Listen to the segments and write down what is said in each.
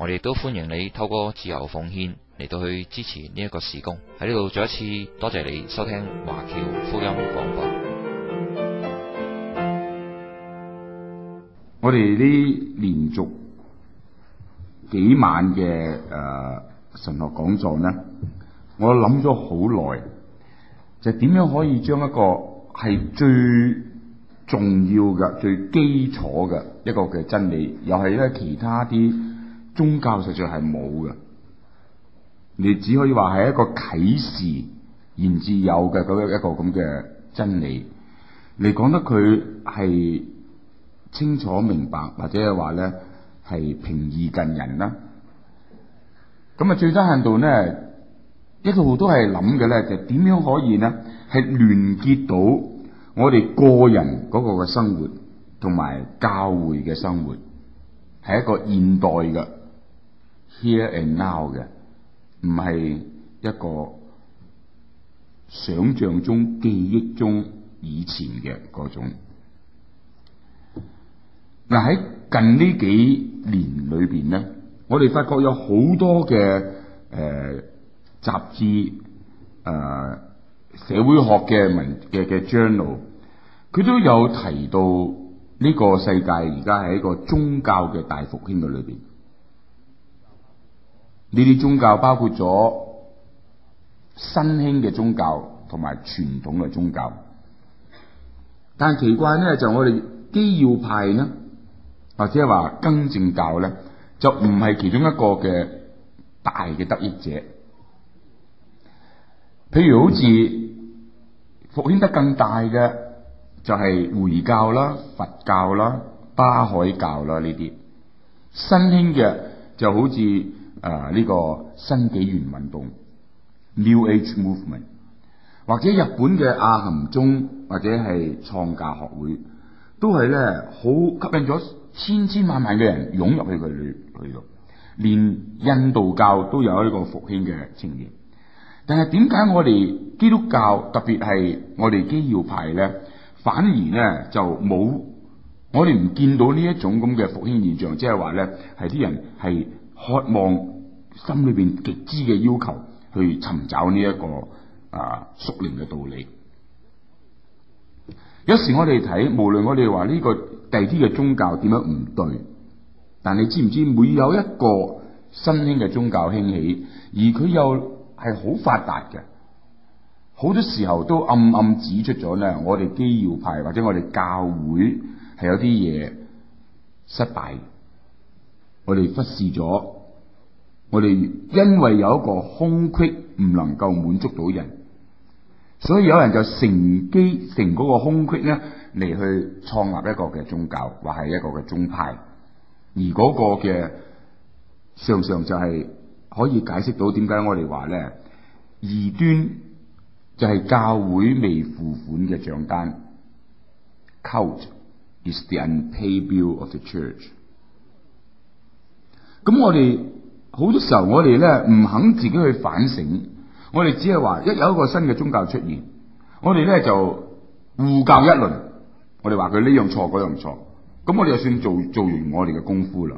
我哋都歡迎你透過自由奉獻嚟到去支持呢一個事工。喺呢度再一次多謝你收聽華僑福音廣播。我哋呢連續幾晚嘅誒、呃、神學講座咧，我諗咗好耐，就點、是、樣可以將一個係最重要嘅、最基礎嘅一個嘅真理，又係咧其他啲。宗教實在係冇嘅，你只可以話係一個啟示，然之有嘅一個咁嘅真理。你講得佢係清楚明白，或者係話咧係平易近人啦。咁啊，最低限度咧，一路都係諗嘅咧，就點樣可以咧，係聯結到我哋個人嗰個嘅生活同埋教會嘅生活，係一個現代嘅。Here and now 嘅，唔係一個想象中、記憶中、以前嘅嗰種。嗱，喺近呢幾年裏邊咧，我哋發覺有好多嘅誒、呃、雜誌誒、呃、社會學嘅文嘅嘅 journal，佢都有提到呢個世界而家係一個宗教嘅大復興嘅裏邊。呢啲宗教包括咗新興嘅宗教同埋傳統嘅宗教，但奇怪咧，就我哋基要派呢，或者係話更正教咧，就唔係其中一個嘅大嘅得益者。譬如好似復興得更大嘅，就係回教啦、佛教啦、巴海教啦。呢啲新興嘅就好似。啊！呢、這個新紀元運動 （New Age Movement） 或者日本嘅阿含宗，或者係創教學會，都係咧好吸引咗千千萬萬嘅人湧入去佢裏裏度。連印度教都有呢個復興嘅情形。但係點解我哋基督教，特別係我哋基要派咧，反而咧就冇我哋唔見到呢一種咁嘅復興現象，即係話咧係啲人係。渴望心裏邊極之嘅要求，去尋找呢、這、一個啊屬靈嘅道理。有時我哋睇，無論我哋話呢個第啲嘅宗教點樣唔對，但你知唔知每有一個新興嘅宗教興起，而佢又係好發達嘅，好多時候都暗暗指出咗咧，我哋基要派或者我哋教會係有啲嘢失敗。我哋忽視咗，我哋因為有一個空隙唔能夠滿足到人，所以有人就乘機乘嗰個空隙咧嚟，去創立一個嘅宗教或係一個嘅宗派，而嗰個嘅常常就係可以解釋到點解我哋話咧，異端，就係教會未付款嘅賬單。Cult is the unpaid bill of the church。咁我哋好多時候我呢，我哋咧唔肯自己去反省，我哋只係話一有一個新嘅宗教出現，我哋咧就護教一輪，我哋話佢呢樣錯，嗰樣錯，咁我哋就算做做完我哋嘅功夫啦。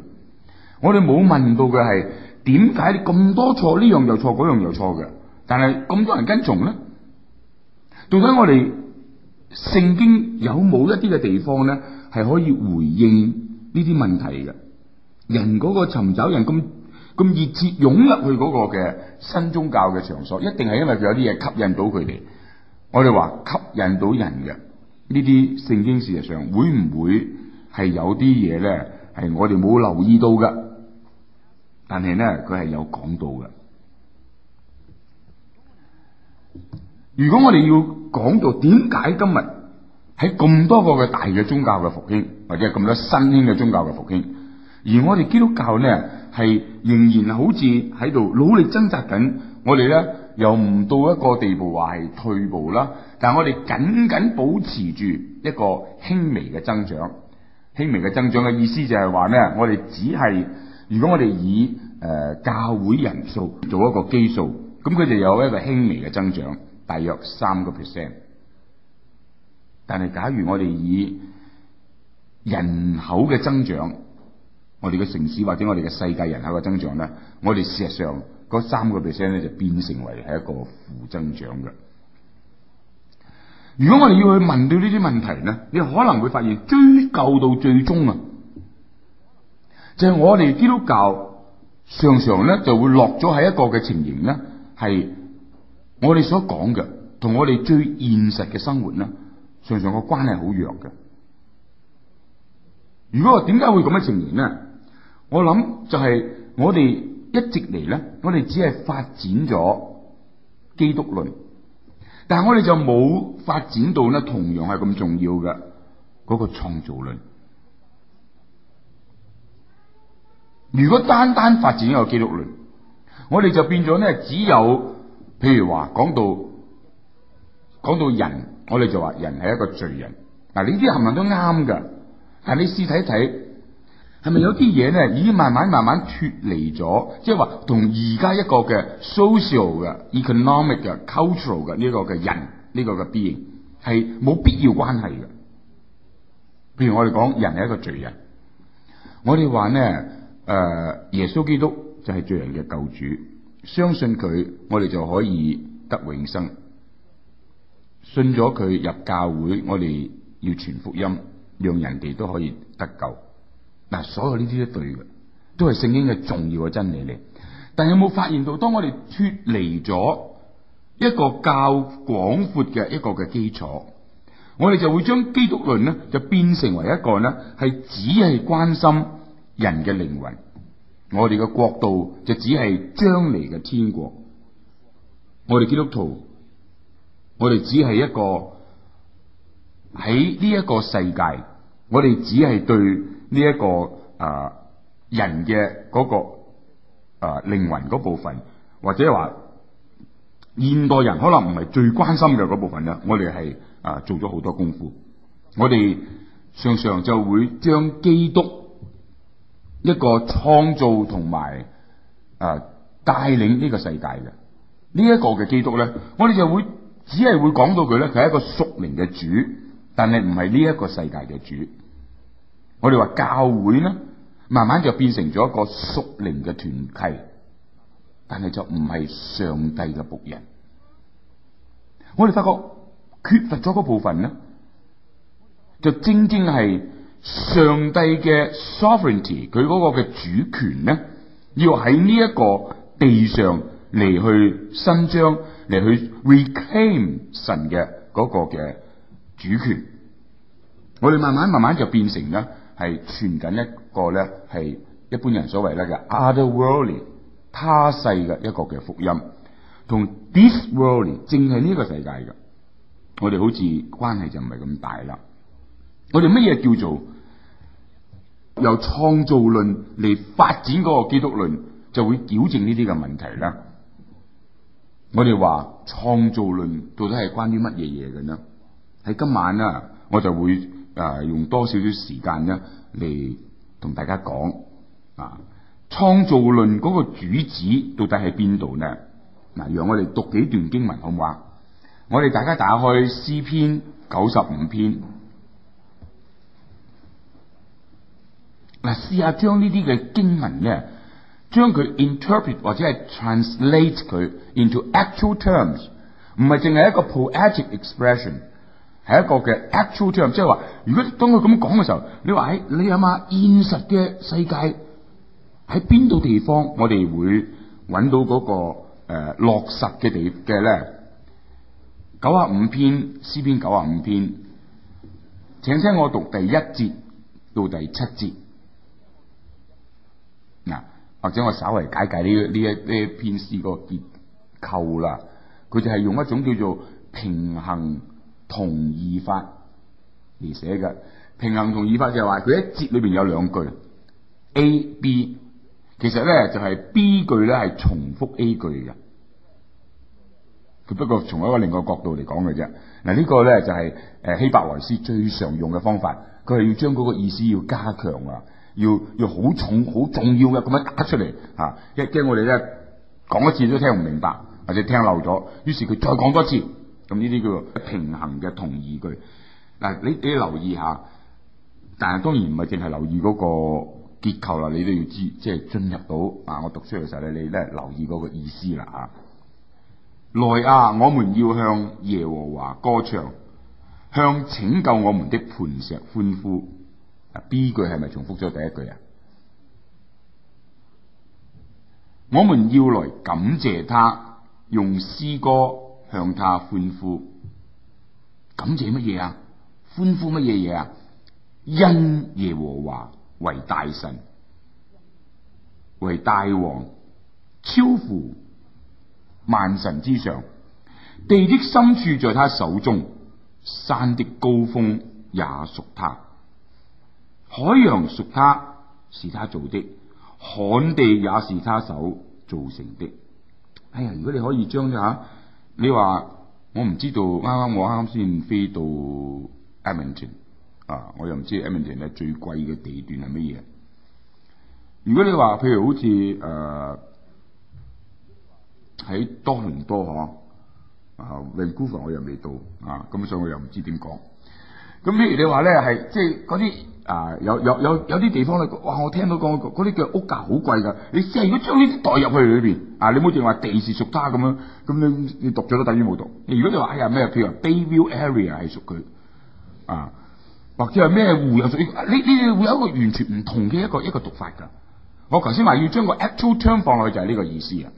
我哋冇問到佢係點解咁多錯呢樣又錯，嗰樣又錯嘅，但係咁多人跟從咧，到底我哋聖經有冇一啲嘅地方咧，係可以回應呢啲問題嘅？人嗰個尋找人咁咁熱切湧入去嗰個嘅新宗教嘅場所，一定係因為佢有啲嘢吸引到佢哋。我哋話吸引到人嘅呢啲聖經事實上會唔會係有啲嘢咧？係我哋冇留意到噶，但係咧佢係有講到嘅。如果我哋要講到點解今日喺咁多個嘅大嘅宗教嘅復興，或者咁多新興嘅宗教嘅復興？而我哋基督教呢，係仍然好似喺度努力掙扎緊。我哋呢，又唔到一個地步話係退步啦，但係我哋僅僅保持住一個輕微嘅增長。輕微嘅增長嘅意思就係話呢，我哋只係如果我哋以誒、呃、教會人數做一個基數，咁佢就有一個輕微嘅增長，大約三個 percent。但係假如我哋以人口嘅增長，我哋嘅城市或者我哋嘅世界人口嘅增長咧，我哋事實上嗰三個 percent 咧就變成為係一個負增長嘅。如果我哋要去問到呢啲問題咧，你可能會發現追究到最終啊，就係我哋基督教常常咧就會落咗喺一個嘅情形咧，係我哋所講嘅同我哋最現實嘅生活咧，常常個關係好弱嘅。如果我點解會咁嘅情形咧？我諗就係我哋一直嚟咧，我哋只係發展咗基督論，但係我哋就冇發展到咧，同樣係咁重要嘅嗰個創造論。如果單單發展一個基督論，我哋就變咗咧，只有譬如話講到講到人，我哋就話人係一個罪人。嗱，呢啲行唔行都啱㗎，但你試睇睇。係咪有啲嘢咧，已經慢慢慢慢脫離咗，即係話同而家一個嘅 social 嘅 economic 嘅 cultural 嘅呢一個嘅人呢個嘅 be 係冇必要關係嘅。譬如我哋講人係一個罪人，我哋話咧誒，耶穌基督就係罪人嘅救主，相信佢，我哋就可以得永生。信咗佢入教會，我哋要傳福音，讓人哋都可以得救。嗱，所有呢啲都對嘅，都係聖經嘅重要嘅真理嚟。但係有冇發現到，當我哋脫離咗一個較廣闊嘅一個嘅基礎，我哋就會將基督論咧就變成為一個咧係只係關心人嘅靈魂。我哋嘅國度就只係將嚟嘅天國。我哋基督徒，我哋只係一個喺呢一個世界，我哋只係對。呢、這、一個啊、呃、人嘅嗰、那個啊、呃、靈魂嗰部分，或者話現代人可能唔係最關心嘅嗰部分啦。我哋係啊做咗好多功夫，我哋常常就會將基督一個創造同埋啊帶領呢個世界嘅、這個、呢我們會只是會說到是一個嘅基督咧，我哋就會只係會講到佢咧，佢係一個屬靈嘅主，但係唔係呢一個世界嘅主。我哋話教會呢，慢慢就變成咗一個屬靈嘅團契，但係就唔係上帝嘅僕人。我哋發覺缺乏咗嗰部分呢，就正正係上帝嘅 sovereignty，佢嗰個嘅主權呢，要喺呢一個地上嚟去伸張，嚟去 reclaim 神嘅嗰個嘅主權。我哋慢慢慢慢就變成啦。係傳緊一個咧，係一般人所謂咧嘅 other worldly 他世嘅一個嘅福音，同 this worldly 正係呢個世界嘅，我哋好似關係就唔係咁大啦。我哋乜嘢叫做由創造論嚟發展嗰個基督論，就會矯正呢啲嘅問題啦。我哋話創造論到底係關於乜嘢嘢嘅呢？喺今晚啊，我就會。誒，用多少少時間咧，嚟同大家講啊！創造論嗰個主旨到底喺邊度呢？嗱，讓我哋讀幾段經文好唔好啊？我哋大家打開詩篇九十五篇，嗱，試下將呢啲嘅經文咧，將佢 interpret 或者係 translate 佢 into actual terms，唔係淨係一個 poetic expression。係一個嘅 actual term，即係話，如果當佢咁講嘅時候，你話喺你諗下現實嘅世界喺邊度地方我們、那個，我哋會揾到嗰個誒落實嘅地嘅咧？九十五篇詩篇，九十五篇，請聽我讀第一節到第七節嗱，或者我稍微解解呢呢一呢一篇詩個結構啦。佢就係用一種叫做平衡。同義法而寫嘅平衡同義法就係話佢一節裏邊有兩句 A B，其實咧就係、是、B 句咧係重複 A 句嘅，佢不過從一個另外角度嚟講嘅啫。嗱、這個、呢個咧就係、是、誒、呃、希伯萊詩最常用嘅方法，佢係要將嗰個意思要加強啊，要要好重好重要嘅咁樣打出嚟吓，一、啊、驚我哋咧講一次都聽唔明白或者聽漏咗，於是佢再講多次。咁呢啲叫做平衡嘅同義句。嗱，你你留意下，但係當然唔係淨係留意個結構啦，你都要知，即係進入到啊，我讀出嚟嘅時候咧，你咧留意個意思啦。吓來啊，我們要向耶和華歌唱，向拯救我們的磐石歡呼。啊，B 句係咪重複咗第一句啊？我們要來感謝他，用詩歌。向他歡呼，感謝乜嘢啊？歡呼乜嘢嘢啊？因耶和華為大神，為大王，超乎萬神之上。地的深處在他手中，山的高峰也屬他，海洋屬他，是他做的，旱地也是他手造成的。哎呀，如果你可以將一下。你話我唔知道，啱啱我啱啱先飛到 Edmonton 啊，我又唔知 Edmonton 咧最貴嘅地段係乜嘢。如果你話譬如好似誒喺多倫多嗬，啊 Vancouver 我又未到啊，咁所以我又唔知點講。咁譬如你話咧係即係嗰啲。啊！有有有有啲地方咧，哇！我聽到講嗰啲嘅屋價好貴噶，你真係如果將呢啲代入去裏邊啊！你唔好淨話地屬、哎、是屬他咁樣，咁你你讀咗都等於冇讀。如果你話哎呀咩，譬如 Bayview Area 係屬佢啊，或者係咩湖又屬你，你你會有一個完全唔同嘅一個一個讀法噶。我頭先話要將個 Actual Term 放落去就係呢個意思啊！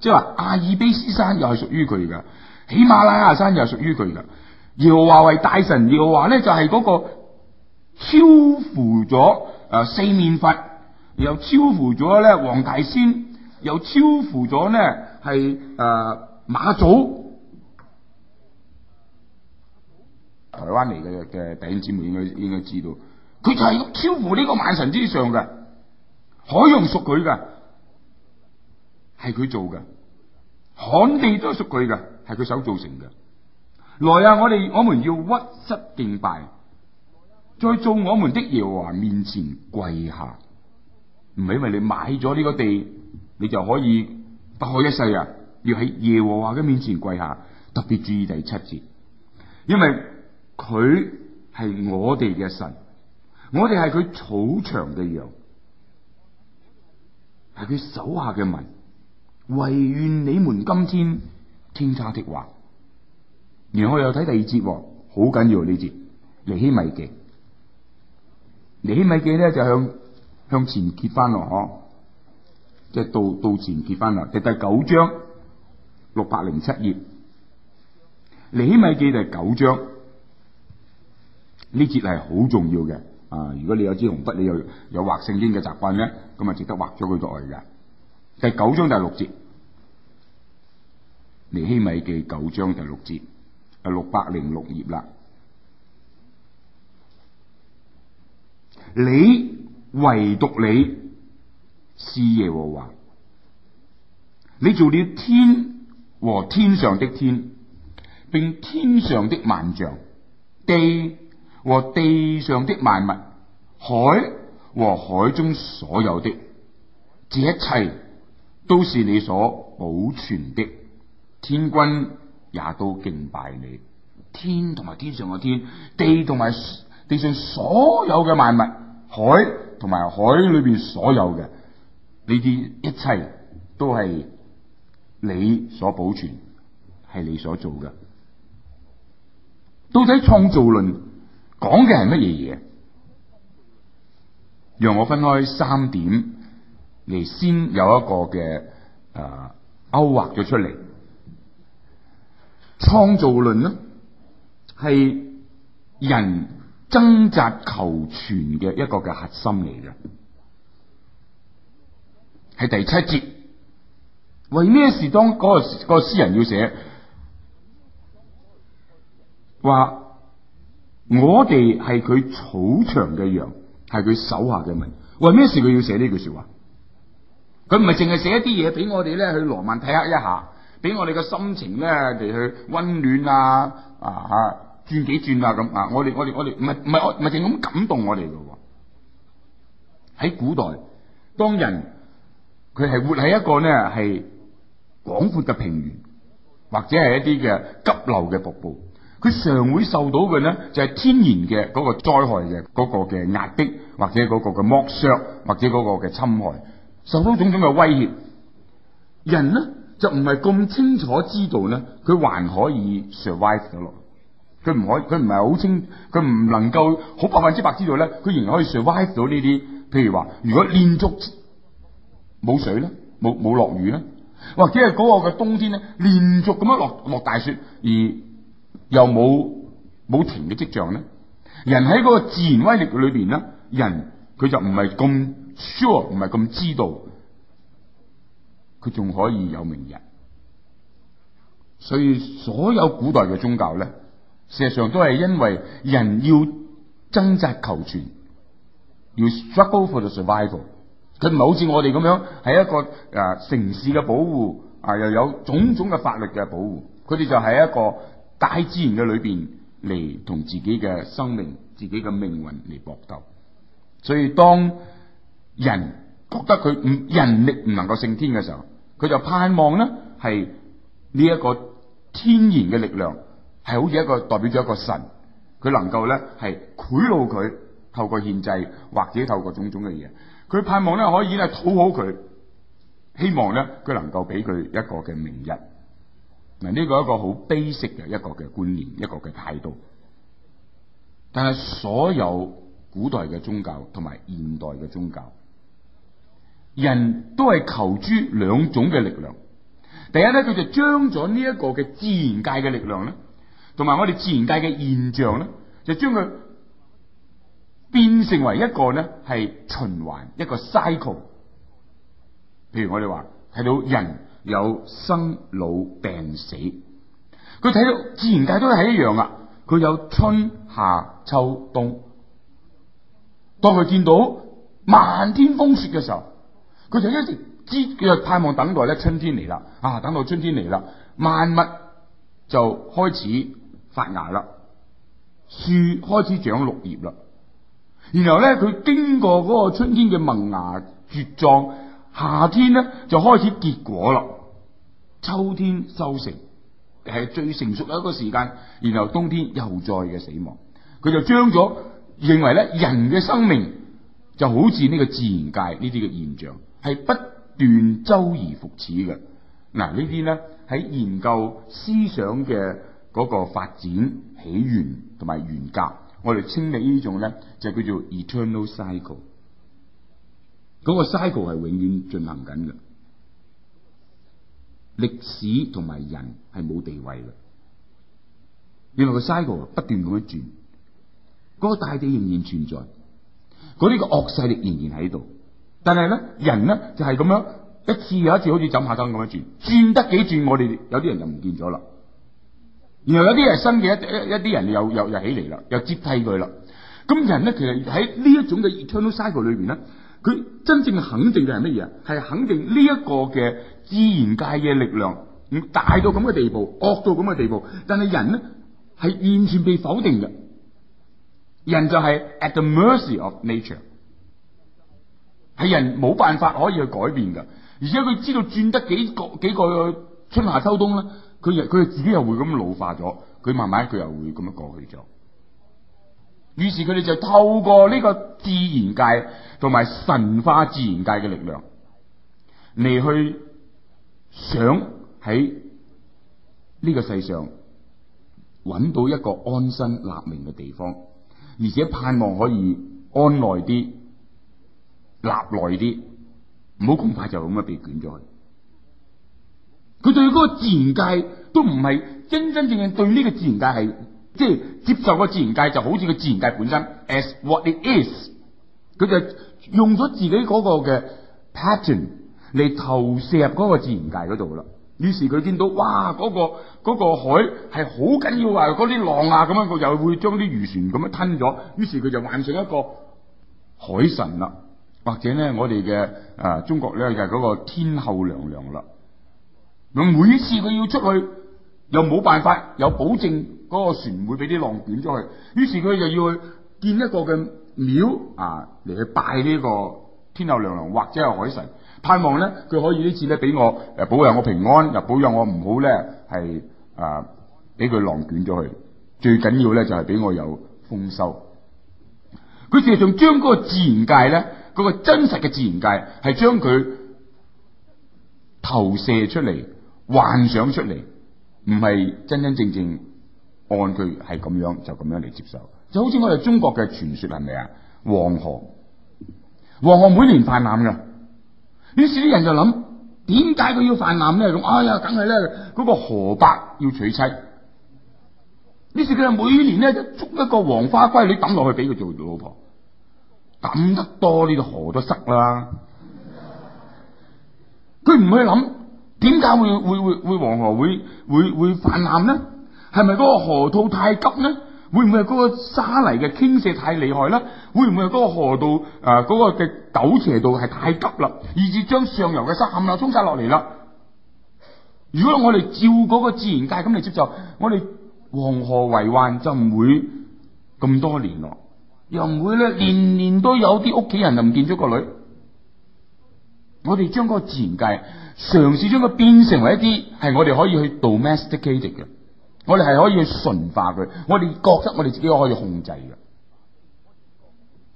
即係話阿爾卑斯山又係屬於佢噶，喜馬拉雅山又係屬於佢噶。耶和華為大神，耶和華咧就係嗰、那個。超乎咗、呃、四面佛又超乎咗咧，黃大仙又超乎咗咧，係啊、呃、馬祖，台灣嚟嘅嘅弟兄姊妹應該應該知道，佢就係超乎呢個萬神之上嘅，海洋屬佢嘅，係佢做嘅，旱地都屬佢嘅，係佢手造成嘅。來啊，我哋我們要屈膝敬拜。在造我們的耶和華面前跪下，唔係因為你買咗呢個地，你就可以不可一世啊！要喺耶和華嘅面前跪下，特別注意第七節，因為佢係我哋嘅神，我哋係佢草場嘅羊，係佢手下嘅民。唯願你們今天聽他的話，然後又睇第二節，好緊要呢節尼希米記。尼希米記咧就向向前揭翻落，嗬，即係到到前揭翻落。第第九章六百零七頁，尼希米記就係九章，呢節係好重要嘅。啊，如果你有支紅筆，你有有畫聖經嘅習慣咧，咁啊值得畫咗佢落嚟嘅。第九章第六節，尼希米記九章第六節，係六百零六頁啦。你唯獨你是耶和華，你做了天和天上的天，並天上的萬象，地和地上的萬物，海和海中所有的。這一切都是你所保存的。天軍也都敬拜你，天同埋天上嘅天，地同埋地上所有嘅萬物。海同埋海裏邊所有嘅呢啲一切，都係你所保存，係你所做嘅。到底創造論講嘅係乜嘢嘢？讓我分開三點嚟先有一個嘅誒、呃、勾畫咗出嚟。創造論呢，係人，掙扎求全嘅一個嘅核心嚟嘅，係第七節。為咩事當嗰個個詩人要寫話我哋係佢草場嘅羊，係佢手下嘅民。為咩事佢要寫呢句說話？佢唔係淨係寫一啲嘢俾我哋咧去羅曼蒂克一下，俾我哋嘅心情咧嚟去溫暖啊啊！轉幾轉啊？咁啊！我哋我哋我哋唔係唔係我唔係淨係咁感動我哋嘅喎。喺古代，當人佢係活喺一個咧係廣闊嘅平原，或者係一啲嘅急流嘅瀑布，佢常會受到嘅咧就係天然嘅個災害嘅個嘅壓迫，或者個嘅剝削，或者個嘅侵害，受到種種嘅威脅，人咧就唔係咁清楚知道咧，佢還可以 survive 得落。佢唔可以，佢唔係好清，佢唔能夠好百分之百知道咧。佢仍然可以 survive 到呢啲，譬如話，如果連續冇水咧，冇冇落雨咧，或者係嗰個嘅冬天咧，連續咁樣落落大雪而又冇冇停嘅跡象咧，人喺嗰個自然威力裏邊咧，人佢就唔係咁 sure，唔係咁知道，佢仲可以有明日，所以所有古代嘅宗教咧。事實上都係因為人要掙扎求存，要 struggle for the survival。佢唔係好似我哋咁樣係一個誒、呃、城市嘅保護啊，又有種種嘅法律嘅保護。佢哋就係一個大自然嘅裏邊嚟同自己嘅生命、自己嘅命運嚟搏鬥。所以當人覺得佢唔人力唔能夠勝天嘅時候，佢就盼望咧係呢一個天然嘅力量，係好似一個代表咗一個神，佢能夠咧係賄賂佢，透過獻祭或者透過種種嘅嘢，佢盼望咧可以咧討好佢，希望咧佢能夠俾佢一個嘅明日。嗱，呢個一個好悲式嘅一個嘅觀念，一個嘅態度。但係所有古代嘅宗教同埋現代嘅宗教，人都係求諸兩種嘅力量。第一咧，佢就將咗呢一個嘅自然界嘅力量咧。同埋我哋自然界嘅現象咧，就將佢變成為一個咧係循環一個 cycle。譬如我哋話睇到人有生老病死，佢睇到自然界都係一樣啊！佢有春夏秋冬。當佢見到漫天風雪嘅時候，佢就一直知佢盼望等待咧春天嚟啦啊！等到春天嚟啦，萬物就開始。發芽啦，樹開始長綠葉啦，然後咧佢經過嗰個春天嘅萌芽、茁壯，夏天咧就開始結果啦，秋天收成係最成熟嘅一個時間，然後冬天又再嘅死亡，佢就將咗認為咧人嘅生命就好似呢個自然界呢啲嘅現象係不斷周而復始嘅。嗱，呢啲咧喺研究思想嘅。嗰個發展起源同埋原格我哋清理呢種咧，就叫做 eternal cycle。嗰個 cycle 係永遠進行緊嘅，歷史同埋人係冇地位嘅。原來個 cycle 不斷咁樣轉，嗰個大地仍然存在，嗰啲個惡勢力仍然喺度，但係咧人咧就係咁樣一次又一次好似枕下身咁樣轉，轉得幾轉，我哋有啲人就唔見咗啦。然後有啲係新嘅一一啲人又又又起嚟啦，又接替佢啦。咁人咧，其實喺呢一種嘅 eternal cycle 裏邊咧，佢真正肯定嘅係乜嘢啊？係肯定呢一個嘅自然界嘅力量，大到咁嘅地步，惡到咁嘅地步。但係人咧係完全被否定嘅，人就係 at the mercy of nature，係人冇辦法可以去改變噶。而且佢知道轉得幾個幾個春夏秋冬啦。佢又佢又自己又會咁老化咗，佢慢慢佢又會咁樣過去咗。於是佢哋就透過呢個自然界同埋神化自然界嘅力量嚟去想喺呢個世上揾到一個安身立命嘅地方，而且盼望可以安耐啲、立耐啲，唔好咁快就咁樣被捲咗去。佢對嗰個自然界都唔係真真正正對呢個自然界係，即、就、係、是、接受個自然界就好似個自然界本身，as what it is。佢就用咗自己嗰個嘅 pattern 嚟投射嗰個自然界嗰度啦。於是佢見到哇，嗰、那個那個海係好緊要那些啊！嗰啲浪啊咁樣，佢又會將啲漁船咁樣吞咗。於是佢就幻成一個海神啦，或者咧我哋嘅、呃、中國咧就嗰、是、個天后娘娘啦。每一次佢要出去，又冇辦法有保證嗰個船唔會俾啲浪捲咗去。於是佢就要去建一個嘅廟啊，嚟去拜呢個天后娘娘或者係海神，盼望咧佢可以呢次咧俾我誒，保佑我平安，又保佑我唔好咧係誒俾佢浪捲咗去。最緊要咧就係俾我有豐收。佢哋仲將嗰個自然界咧，嗰個真實嘅自然界係將佢投射出嚟。幻想出嚟，唔係真真正正按佢係咁樣就咁樣嚟接受。就好似我哋中國嘅傳說係咪啊？黃河，黃河每年泛濫嘅，於是啲人就諗，點解佢要泛濫咧？哎呀，梗係咧，嗰個河伯要娶妻。於是佢就每年咧就捉一個黃花閨女抌落去俾佢做老婆，抌得多呢個河都塞啦。佢唔去諗。點解會會會會黃河會會會泛濫咧？係咪嗰個河套太急咧？會唔會係嗰個沙泥嘅傾瀉太厲害咧？會唔會係嗰個河道誒嗰、呃那個嘅陡斜道係太急啦？以致將上游嘅沙粒沖晒落嚟啦？如果我哋照嗰個自然界咁嚟接受，我哋黃河為患就唔會咁多年咯，又唔會咧，年年都有啲屋企人就唔見咗個女。我哋將嗰個自然界。嘗試將佢變成為一啲係我哋可以去 domesticated 嘅，我哋係可以去馴化佢，我哋覺得我哋自己可以控制嘅。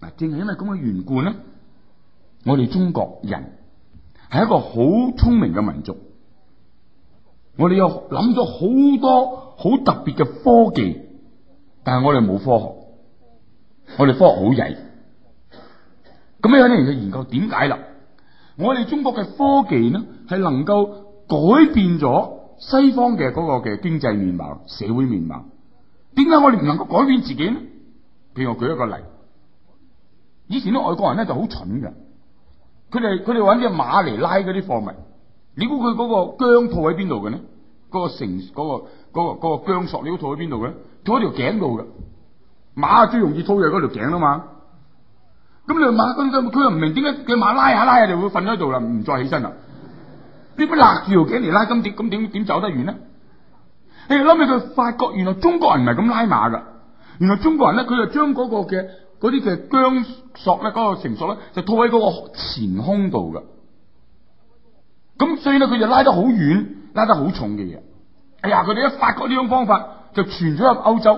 嗱，正係因為咁嘅緣故咧，我哋中國人係一個好聰明嘅民族，我哋又諗咗好多好特別嘅科技，但係我哋冇科學，我哋科學好曳。咁咧，有人就研究點解啦？我哋中國嘅科技咧。係能夠改變咗西方嘅嗰個嘅經濟面貌、社會面貌。點解我哋唔能夠改變自己呢？譬如我舉一個例，以前啲外國人咧就好蠢㗎，佢哋佢哋搵隻馬嚟拉嗰啲貨物。你估佢嗰個薑套喺邊度嘅呢？嗰、嗰個成嗰、嗰個、嗰個、嗰個薑塑料套喺邊度嘅？套喺條頸度嘅。馬最容易套嘢嗰條頸啊嘛。咁你馬佢佢又唔明點解佢馬拉下拉下就會瞓喺度啦，唔再起身啦。邊本勒住條頸嚟拉金碟，咁點點走得遠咧？誒，諗起佢發覺原，原來中國人唔係咁拉馬噶。原來中國人咧，佢就將嗰個嘅嗰啲嘅韁索咧，嗰個繩索咧，就套喺嗰個前胸度噶。咁所以咧，佢就拉得好遠，拉得好重嘅嘢。哎呀，佢哋一發覺呢種方法就傳咗入歐洲。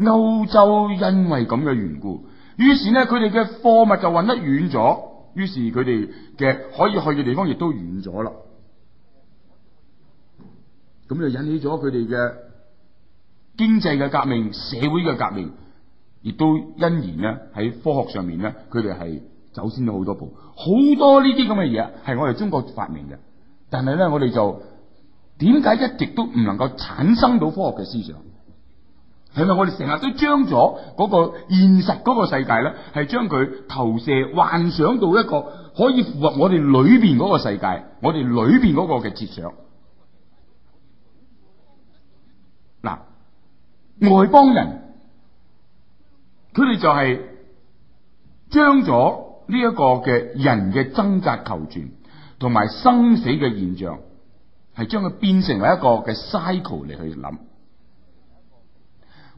歐洲因為咁嘅緣故，於是咧佢哋嘅貨物就運得遠咗。於是佢哋嘅可以去嘅地方亦都遠咗啦。咁就引起咗佢哋嘅經濟嘅革命，社會嘅革命，亦都因而咧喺科學上面咧，佢哋係走先咗好多步。好多呢啲咁嘅嘢，係我哋中國發明嘅，但係咧我哋就點解一直都唔能夠產生到科學嘅思想？係咪我哋成日都將咗嗰個現實嗰個世界咧，係將佢投射幻想到一個可以符合我哋裏邊嗰個世界，我哋裏邊嗰個嘅設想？嗱，外邦人佢哋就係將咗呢一個嘅人嘅掙扎求、求存同埋生死嘅現象，係將佢變成為一個嘅 cycle 嚟去諗。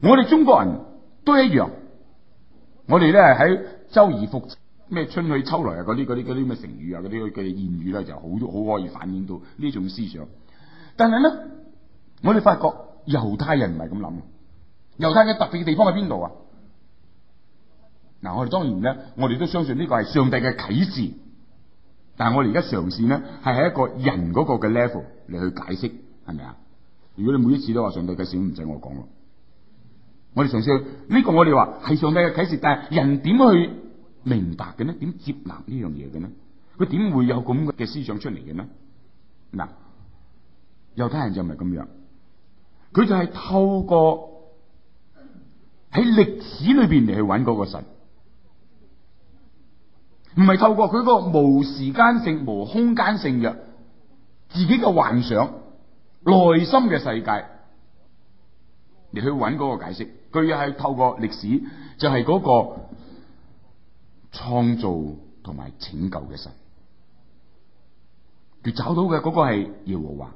我哋中國人都一樣，我哋咧喺周而復咩春去秋來啊，嗰啲、嗰啲、嗰啲咩成語啊，嗰啲嘅諺語咧，就好好可以反映到呢種思想。但係咧，我哋發覺。猶太人唔係咁諗嘅，猶太嘅特別嘅地方喺邊度啊？嗱，我哋當然咧，我哋都相信呢個係上帝嘅啟示，但係我哋而家嘗試咧，係喺一個人嗰個嘅 level 嚟去解釋，係咪啊？如果你每一次都話上帝嘅事，唔使我講。我哋嘗試呢個，我哋話係上帝嘅啟示，但係人點去明白嘅呢？點接納呢樣嘢嘅呢？佢點會有咁嘅思想出嚟嘅呢？嗱，猶太人就唔係咁樣。佢就係透過喺歷史裏邊嚟去揾個神，唔係透過佢個無時間性、無空間性嘅自己嘅幻想、內心嘅世界嚟去揾個解釋。佢又係透過歷史，就係、是、個創造同埋拯救嘅神。佢找到嘅個係耶和華。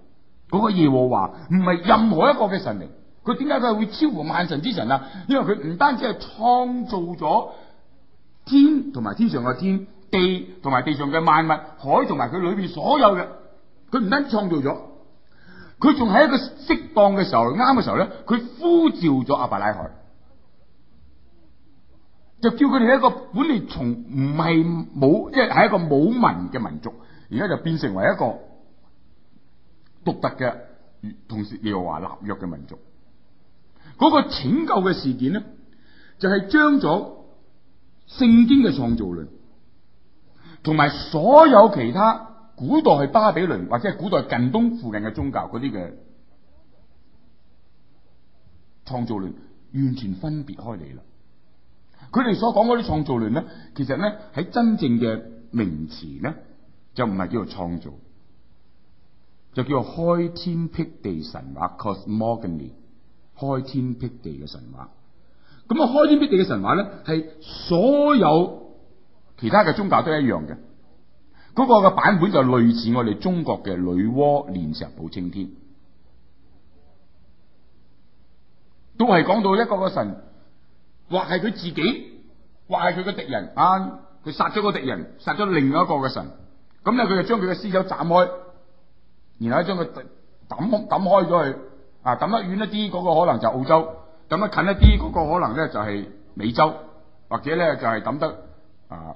嗰、個耶和華唔係任何一個嘅神明，佢點解佢係會超乎萬神之神啊？因為佢唔單止係創造咗天同埋天上嘅天，地同埋地上嘅萬物，海同埋佢裏邊所有嘅，佢唔單創造咗，佢仲喺一個適當嘅時候，啱嘅時候咧，佢呼召咗阿伯拉罕，就叫佢哋係一個本嚟從唔係冇，即係係一個冇民嘅民族，而家就變成為一個。獨特嘅，同時你又話立約嘅民族，嗰、那個拯救嘅事件咧，就係將咗聖經嘅創造論，同埋所有其他古代係巴比倫或者係古代近東附近嘅宗教嗰啲嘅創造論，完全分別開嚟啦。佢哋所講嗰啲創造論咧，其實咧喺真正嘅名詞咧，就唔係叫做創造。就叫做開天辟地神話，cosmogony，開天辟地嘅神話。咁啊，開天辟地嘅神話咧，係所有其他嘅宗教都一樣嘅。嗰個嘅版本就類似我哋中國嘅女媧煉石補青天，都係講到一個個神，或係佢自己，或係佢嘅敵人啊，佢殺咗個敵人，殺咗另一個嘅神，咁咧佢就將佢嘅屍首斬開。然後將佢抌抌開咗去，啊抌得遠一啲嗰個可能就澳洲，抌得近一啲嗰個可能咧就係美洲，或者咧就係抌得啊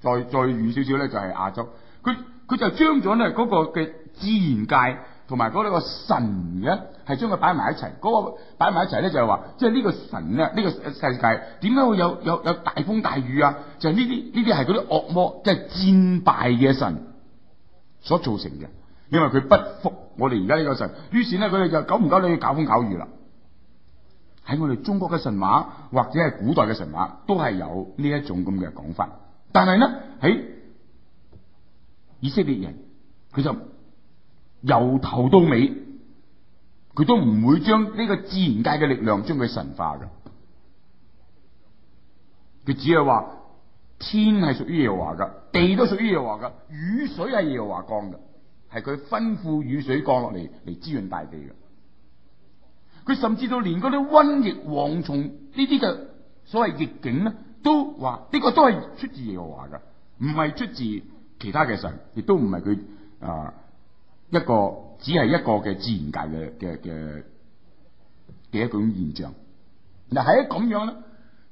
再再遠少少咧就係亞洲。佢佢就將咗咧嗰個嘅自然界同埋嗰個神咧係將佢擺埋一齊，嗰個擺埋一齊咧就係話，即係呢個神咧呢個世界點解會有有有大風大雨啊？就係呢啲呢啲係嗰啲惡魔即係戰敗嘅神所造成嘅。因為佢不服我哋而家呢個神，於是咧佢哋就久唔久你要搞風搞雨啦。喺我哋中國嘅神話或者係古代嘅神話，都係有呢一種咁嘅講法。但係咧喺以色列人，佢就由頭到尾，佢都唔會將呢個自然界嘅力量將佢神化㗎。佢只係話天係屬於耶和華噶，地都屬於耶和華噶，雨水係耶和華降噶。係佢吩咐雨水降落嚟嚟滋潤大地嘅。佢甚至到連嗰啲瘟疫、蝗蟲呢啲嘅所謂逆境咧，都話呢個都係出自耶和華嘅，唔係出自其他嘅神，亦都唔係佢啊一個只係一個嘅自然界嘅嘅嘅嘅一種現象。嗱，喺咁樣咧，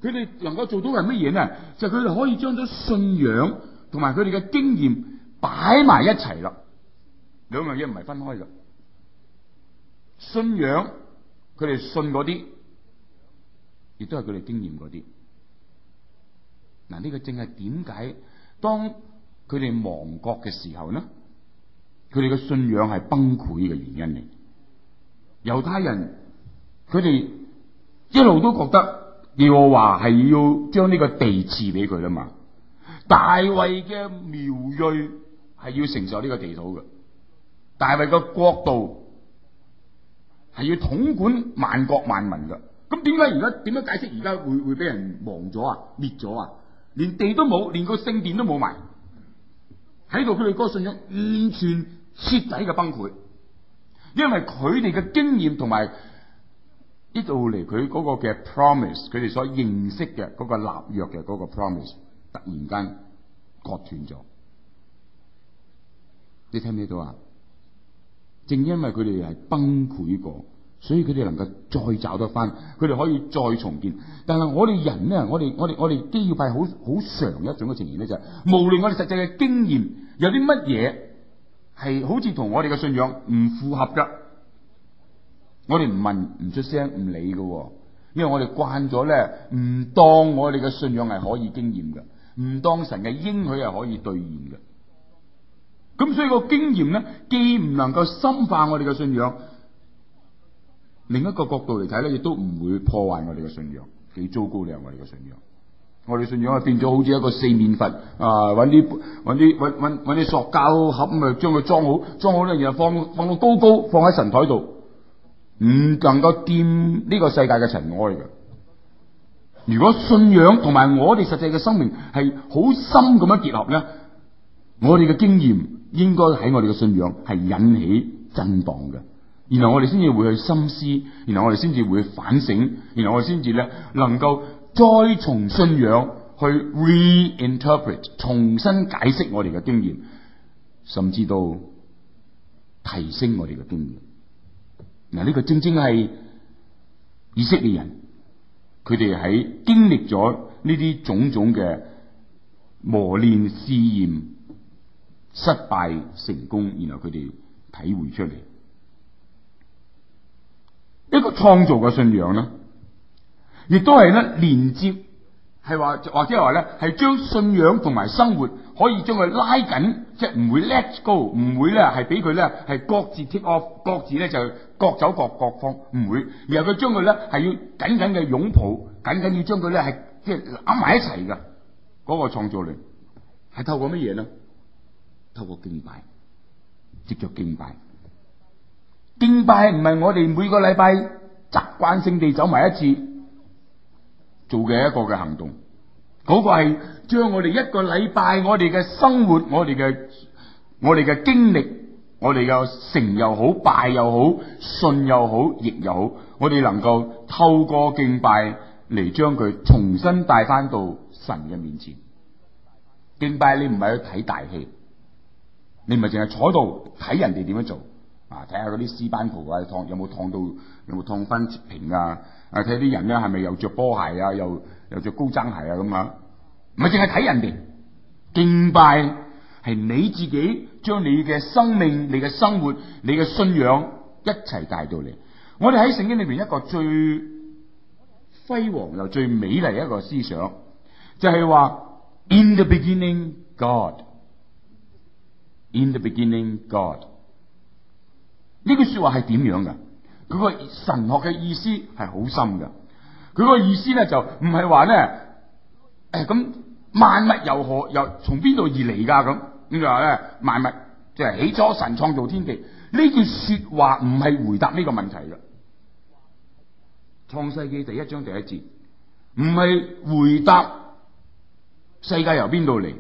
佢哋能夠做到係乜嘢咧？就係佢哋可以將啲信仰同埋佢哋嘅經驗擺埋一齊啦。兩樣嘢唔係分開㗎，信仰，佢哋信嗰啲，亦都係佢哋經驗嗰啲。嗱，呢個正係點解當佢哋亡國嘅時候呢？佢哋嘅信仰係崩潰嘅原因嚟。猶太人，佢哋一路都覺得，耶和華係要將呢個地賜俾佢啦嘛。大衛嘅苗裔係要承受呢個地土嘅。大衛個國度係要統管萬國萬民噶咁點解而家點樣解釋而家會會俾人亡咗啊？滅咗啊？連地都冇，連個聖殿都冇埋，喺度佢哋個信仰完全徹底嘅崩潰，因為佢哋嘅經驗同埋呢度嚟佢嗰個嘅 promise，佢哋所認識嘅嗰個立約嘅嗰個 promise，突然間割斷咗，你聽唔聽到啊？正因為佢哋係崩潰過，所以佢哋能夠再找得返，佢哋可以再重建。但係我哋人咧，我哋我哋我哋都要拜好好常一種嘅情形呢、就是，就係無論我哋實際嘅經驗有啲乜嘢，係好似同我哋嘅信仰唔符合噶，我哋唔問、唔出聲、唔理嘅，因為我哋慣咗呢，唔當我哋嘅信仰係可以經驗嘅，唔當神嘅應許係可以兌現嘅。咁所以個經驗咧，既唔能夠深化我哋嘅信仰，另一個角度嚟睇咧，亦都唔會破壞我哋嘅信仰。幾糟糕咧，我哋嘅信仰，我哋信仰變咗好似一個四面佛啊！揾啲啲啲塑膠盒，咁啊將佢裝好裝好咧，然後放放到高高，放喺神台度，唔能夠掂呢個世界嘅塵埃嘅。如果信仰同埋我哋實際嘅生命係好深咁樣結合咧？我哋嘅經驗應該喺我哋嘅信仰係引起震盪嘅，然後我哋先至會去深思，然後我哋先至會去反省，然後我哋先至咧能夠再從信仰去 reinterpret，重新解釋我哋嘅經驗，甚至到提升我哋嘅經驗。嗱，呢個正正係以色列人佢哋喺經歷咗呢啲種種嘅磨練試驗。失敗成功，然後佢哋體會出嚟一個創造嘅信仰咧，亦都係咧連接，係話或者話咧係將信仰同埋生活可以將佢拉緊，即係唔會 let go，唔會咧係俾佢咧係各自 take off，各自咧就各走各各方，唔會。然後佢將佢咧係要緊緊嘅擁抱，緊緊要將佢咧係即係攬埋一齊嘅嗰個創造力，係透過乜嘢咧？透過敬拜，藉着敬拜，敬拜唔係我哋每個禮拜習慣性地走埋一次做嘅一個嘅行動，嗰個係將我哋一個禮拜我哋嘅生活，我哋嘅我哋嘅經歷，我哋嘅成又好，敗又好，順又好，逆又好，我哋能夠透過敬拜嚟，將佢重新帶翻到神嘅面前。敬拜你唔係去睇大戲。你唔係淨係坐度睇人哋點樣做啊？睇下嗰啲斯班蒲啊，燙有冇燙到，有冇燙翻截平啊？睇下啲人咧係咪又着波鞋啊，又又着高踭鞋啊咁啊？唔係淨係睇人哋，敬拜係你自己將你嘅生命、你嘅生活、你嘅信仰一齊帶到嚟。我哋喺聖經裏邊一個最輝煌又最美麗一個思想，就係話 In the beginning God。In the beginning, God。呢句說話係點樣噶？佢個神學嘅意思係好深噶。佢個意思咧就唔係話咧，咁、哎、萬物由何由從邊度而嚟噶？咁呢句話咧，萬物就係、是、起初神創造天地。呢句說話唔係回答呢個問題嘅。創世紀第一章第一節，唔係回答世界由邊度嚟，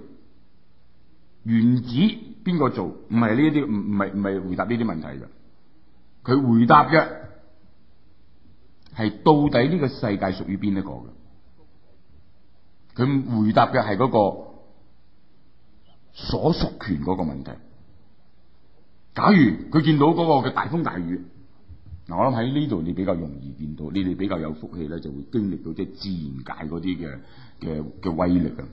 原子。邊個做？唔係呢啲，唔係唔係回答呢啲問題嘅。佢回答嘅係到底呢個世界屬於邊一個嘅。佢回答嘅係嗰個所屬權嗰個問題。假如佢見到嗰個嘅大風大雨，嗱，我諗喺呢度你比較容易見到，你哋比較有福氣咧，就會經歷到即係自然界嗰啲嘅嘅嘅威力啊。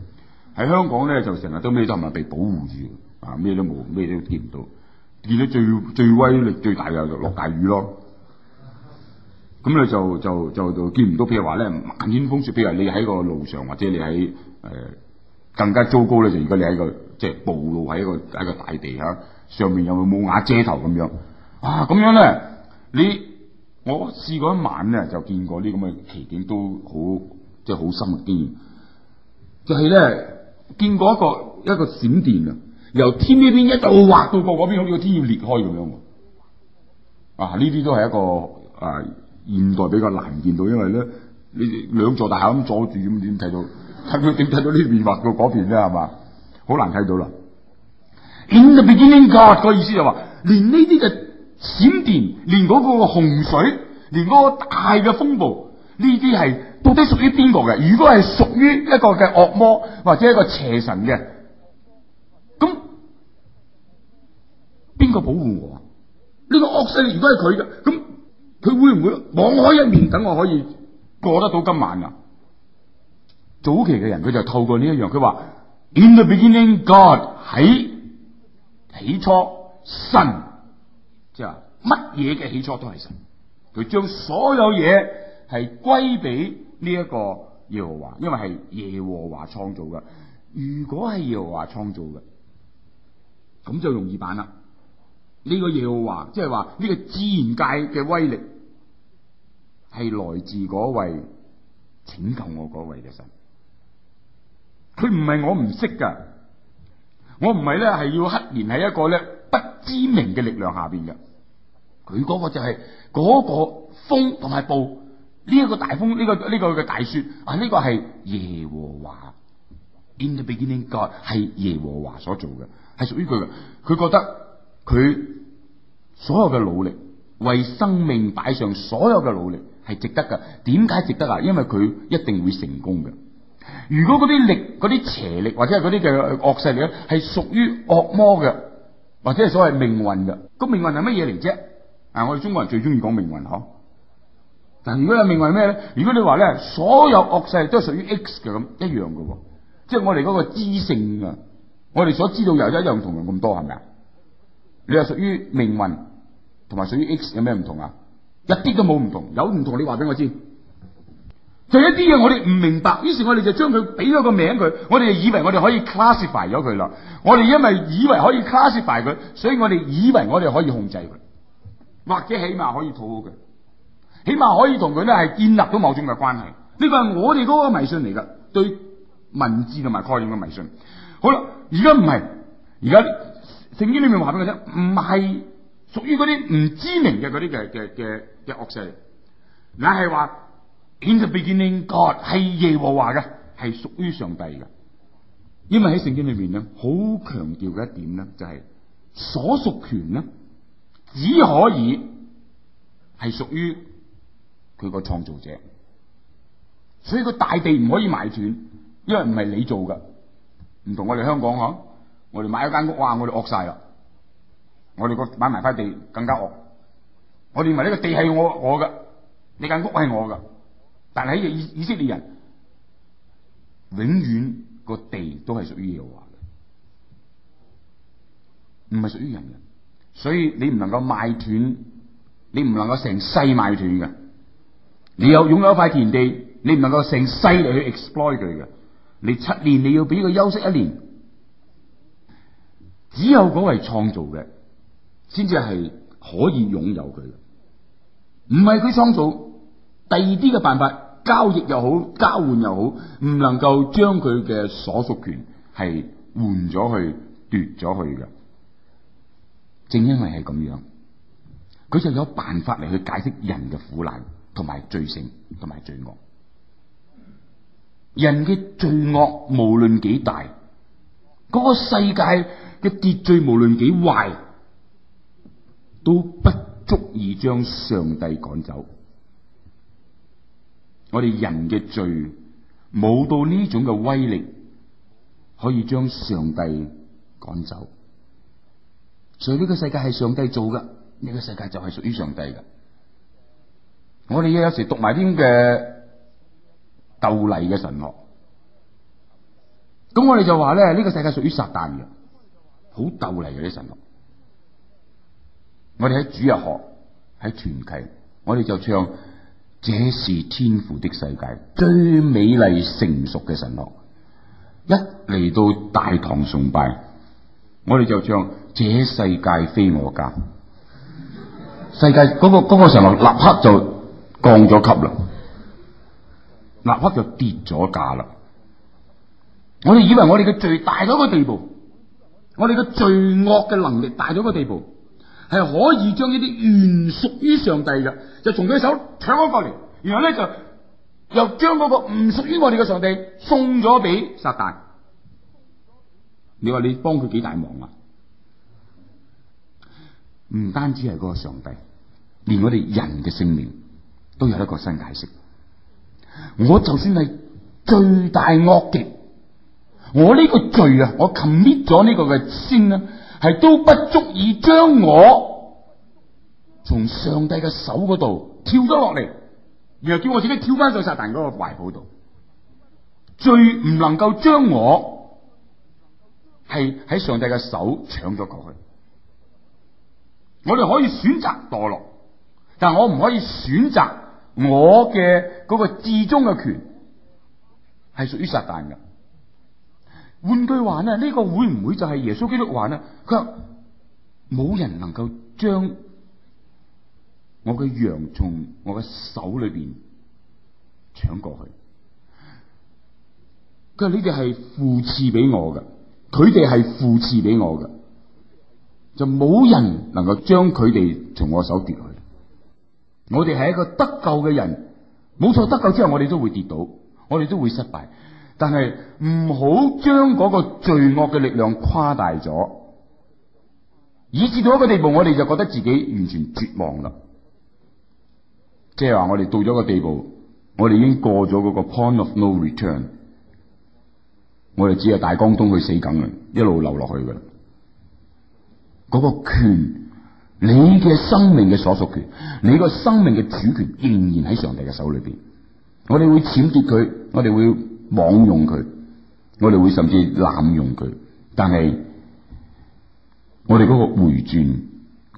喺香港咧就成日都咩都係咪被保護住？啊！咩都冇，咩都見唔到，見到最最威力最大嘅就落大雨咯。咁你就就就就見唔到，譬如話咧漫天風雪，譬如話你喺個路上，或者你喺誒、呃、更加糟糕咧，就如果你喺個即係暴露喺個一個大地下上面有冇瓦遮頭咁樣啊！咁樣咧，你我試過一晚咧就見過啲咁嘅奇景，都好即係好深嘅經驗，就係、是、咧、就是、見過一個一個閃電啊。由天呢邊一度劃到過邊，好似個天要裂開咁樣。啊，呢啲都係一個誒、啊，現代比較難見到，因為咧，你兩座大廈咁阻住，點睇到？睇佢點睇到，這邊畫到那邊呢邊劃到嗰邊啫，係嘛？好難睇到啦。In the beginning God 個意思就話、是，連呢啲嘅閃電，連嗰個洪水，連嗰個大嘅風暴，呢啲係到底屬於邊個嘅？如果係屬於一個嘅惡魔或者一個邪神嘅？保護我啊！呢個惡勢力如果係佢嘅，咁佢會唔會網開一面，等我可以過得到今晚啊？早期嘅人佢就透過呢一樣，佢話 In the beginning God 喺起初神，即係乜嘢嘅起初都係神，佢將所有嘢係歸俾呢一個耶和華，因為係耶和華創造嘅。如果係耶和華創造嘅，咁就容易辦啦。呢個耶和華，即係話呢個自然界嘅威力，係來自嗰位拯救我嗰位嘅神。佢唔係我唔識噶，我唔係咧係要刻連，喺一個咧不知名嘅力量下邊嘅。佢嗰個就係嗰個風同埋暴，呢一個大風呢個呢個嘅大雪啊，呢個係耶和華，In the beginning God 係耶和華所做嘅，係屬於佢嘅。佢覺得佢。所有嘅努力，為生命擺上所有嘅努力係值得噶。點解值得啊？因為佢一定會成功嘅。如果嗰啲力、嗰啲邪力或者係嗰啲嘅惡勢力，咧，係屬於惡魔嘅，或者係所謂命運嘅。咁命運係乜嘢嚟啫？啊，我哋中國人最中意講命運嗬。但係如果命運咩咧？如果你話咧，所有惡勢力都係屬於 X 嘅咁，一樣嘅，即係我哋嗰個知性啊，我哋所知道又一樣同樣咁多係咪啊？是你係屬於命運，同埋屬於 X 有咩唔同啊？一啲都冇唔同，有唔同你話俾我知。就一啲嘢我哋唔明白，於是我哋就將佢俾咗個名佢，我哋就以為我哋可以 classify 咗佢啦。我哋因為以為可以 classify 佢，所以我哋以為我哋可以控制佢，或者起碼可以討好佢，起碼可以同佢咧係建立到某種嘅關係。呢個係我哋嗰個迷信嚟噶，對文字同埋概念嘅迷信。好啦，而家唔係，而家。聖經裏面話俾我聽，唔係屬於嗰啲唔知名嘅嗰啲嘅嘅嘅嘅惡勢力，嗱，係話 In the beginning God 係耶和華嘅，係屬於上帝嘅。因為喺聖經裏面咧，好強調嘅一點咧，就是，就係所屬權咧，只可以係屬於佢個創造者，所以個大地唔可以賣斷，因為唔係你做噶，唔同我哋香港吓。我哋買咗間屋，哇！我哋惡晒啦，我哋個買埋塊地更加惡。我哋認為呢個地係我、這個、我噶，呢間屋係我噶，但係喺以以色列人，永遠個地都係屬於耶華嘅，唔係屬於人嘅。所以你唔能夠賣斷，你唔能夠成世賣斷嘅。你有擁有一塊田地，你唔能夠成世去 exploit 佢嘅。你七年你要俾佢休息一年。只有嗰位創造嘅，先至係可以擁有佢嘅。唔係佢創造，第二啲嘅辦法交易又好，交換又好，唔能夠將佢嘅所屬權係換咗去奪咗去嘅。正因為係咁樣，佢就有辦法嚟去解釋人嘅苦難同埋罪性同埋罪惡。人嘅罪惡無論幾大，嗰個世界，嘅秩序無論幾壞，都不足以將上帝趕走。我哋人嘅罪冇到呢種嘅威力，可以將上帝趕走。所以呢個世界係上帝做噶，呢個世界就係屬於上帝嘅。我哋一有時讀埋啲咁嘅鬥例嘅神學，咁我哋就話咧：呢個世界屬於撒旦嘅。好逗嚟嗰啲神樂，我哋喺主日學喺團契，我哋就唱這是天父的世界最美麗成熟嘅神樂，一嚟到大堂崇拜，我哋就唱這世界非我家， 世界嗰、嗰個、嗰個神樂立刻就降咗級啦，立刻就跌咗價啦，我哋以為我哋嘅最大嗰個個地步。我哋嘅罪惡嘅能力大咗個地步，係可以將呢啲原屬於上帝嘅，就從佢手搶咗過嚟，然後咧就又將嗰個唔屬於我哋嘅上帝送咗俾撒旦。你話你幫佢幾大忙啊？唔單止係嗰個上帝，連我哋人嘅性命都有一個新解釋。我就算係最大惡極。我呢個罪啊，我 commit 咗呢個嘅先啊，係都不足以將我從上帝嘅手度跳咗落嚟，然後叫我自己跳翻上撒旦個懷抱度，罪唔能夠將我係喺上帝嘅手搶咗過去。我哋可以選擇墮落，但係我唔可以選擇我嘅個至終嘅權係屬於撒旦嘅。換句話呢？呢、這個會唔會就係耶穌基督話呢？佢話冇人能夠將我嘅羊從我嘅手裏邊搶過去。佢話呢啲係父賜俾我嘅，佢哋係父賜俾我嘅，就冇人能夠將佢哋從我手跌落去。我哋係一個得救嘅人，冇錯，得救之後我哋都會跌倒，我哋都會失敗。但係唔好將嗰個罪惡嘅力量誇大咗，以至到一個地步，我哋就覺得自己完全絕望啦。即係話，我哋到咗個地步，我哋已經過咗嗰個 point of no return，我哋只有大江東去死，死梗啦，一路流落去噶啦。嗰個權，你嘅生命嘅所屬權，你個生命嘅主權仍然喺上帝嘅手裏邊。我哋會搶劫佢，我哋會妄用佢，我哋會甚至濫用佢。但係我哋嗰個回轉，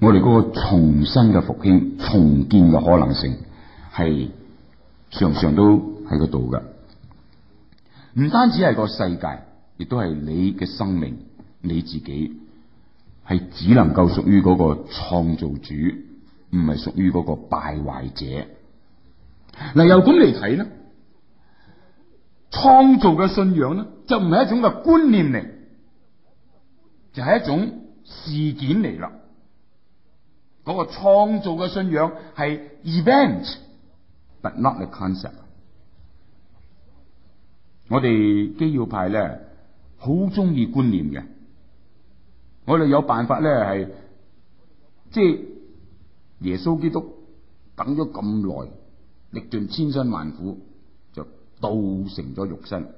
我哋嗰個重生嘅復興、重建嘅可能性，係常常都喺個度噶。唔單止係個世界，亦都係你嘅生命，你自己係只能夠屬於嗰個創造主，唔係屬於嗰個敗壞者。嗱，由咁嚟睇咧，創造嘅信仰咧，就唔係一種嘅觀念嚟，就係一種事件嚟啦。嗰個創造嘅信仰係 event，but not the concept。我哋基要派咧，好中意觀念嘅。我哋有辦法咧，係即係耶穌基督等咗咁耐。歷盡千辛萬苦，就道成咗肉身。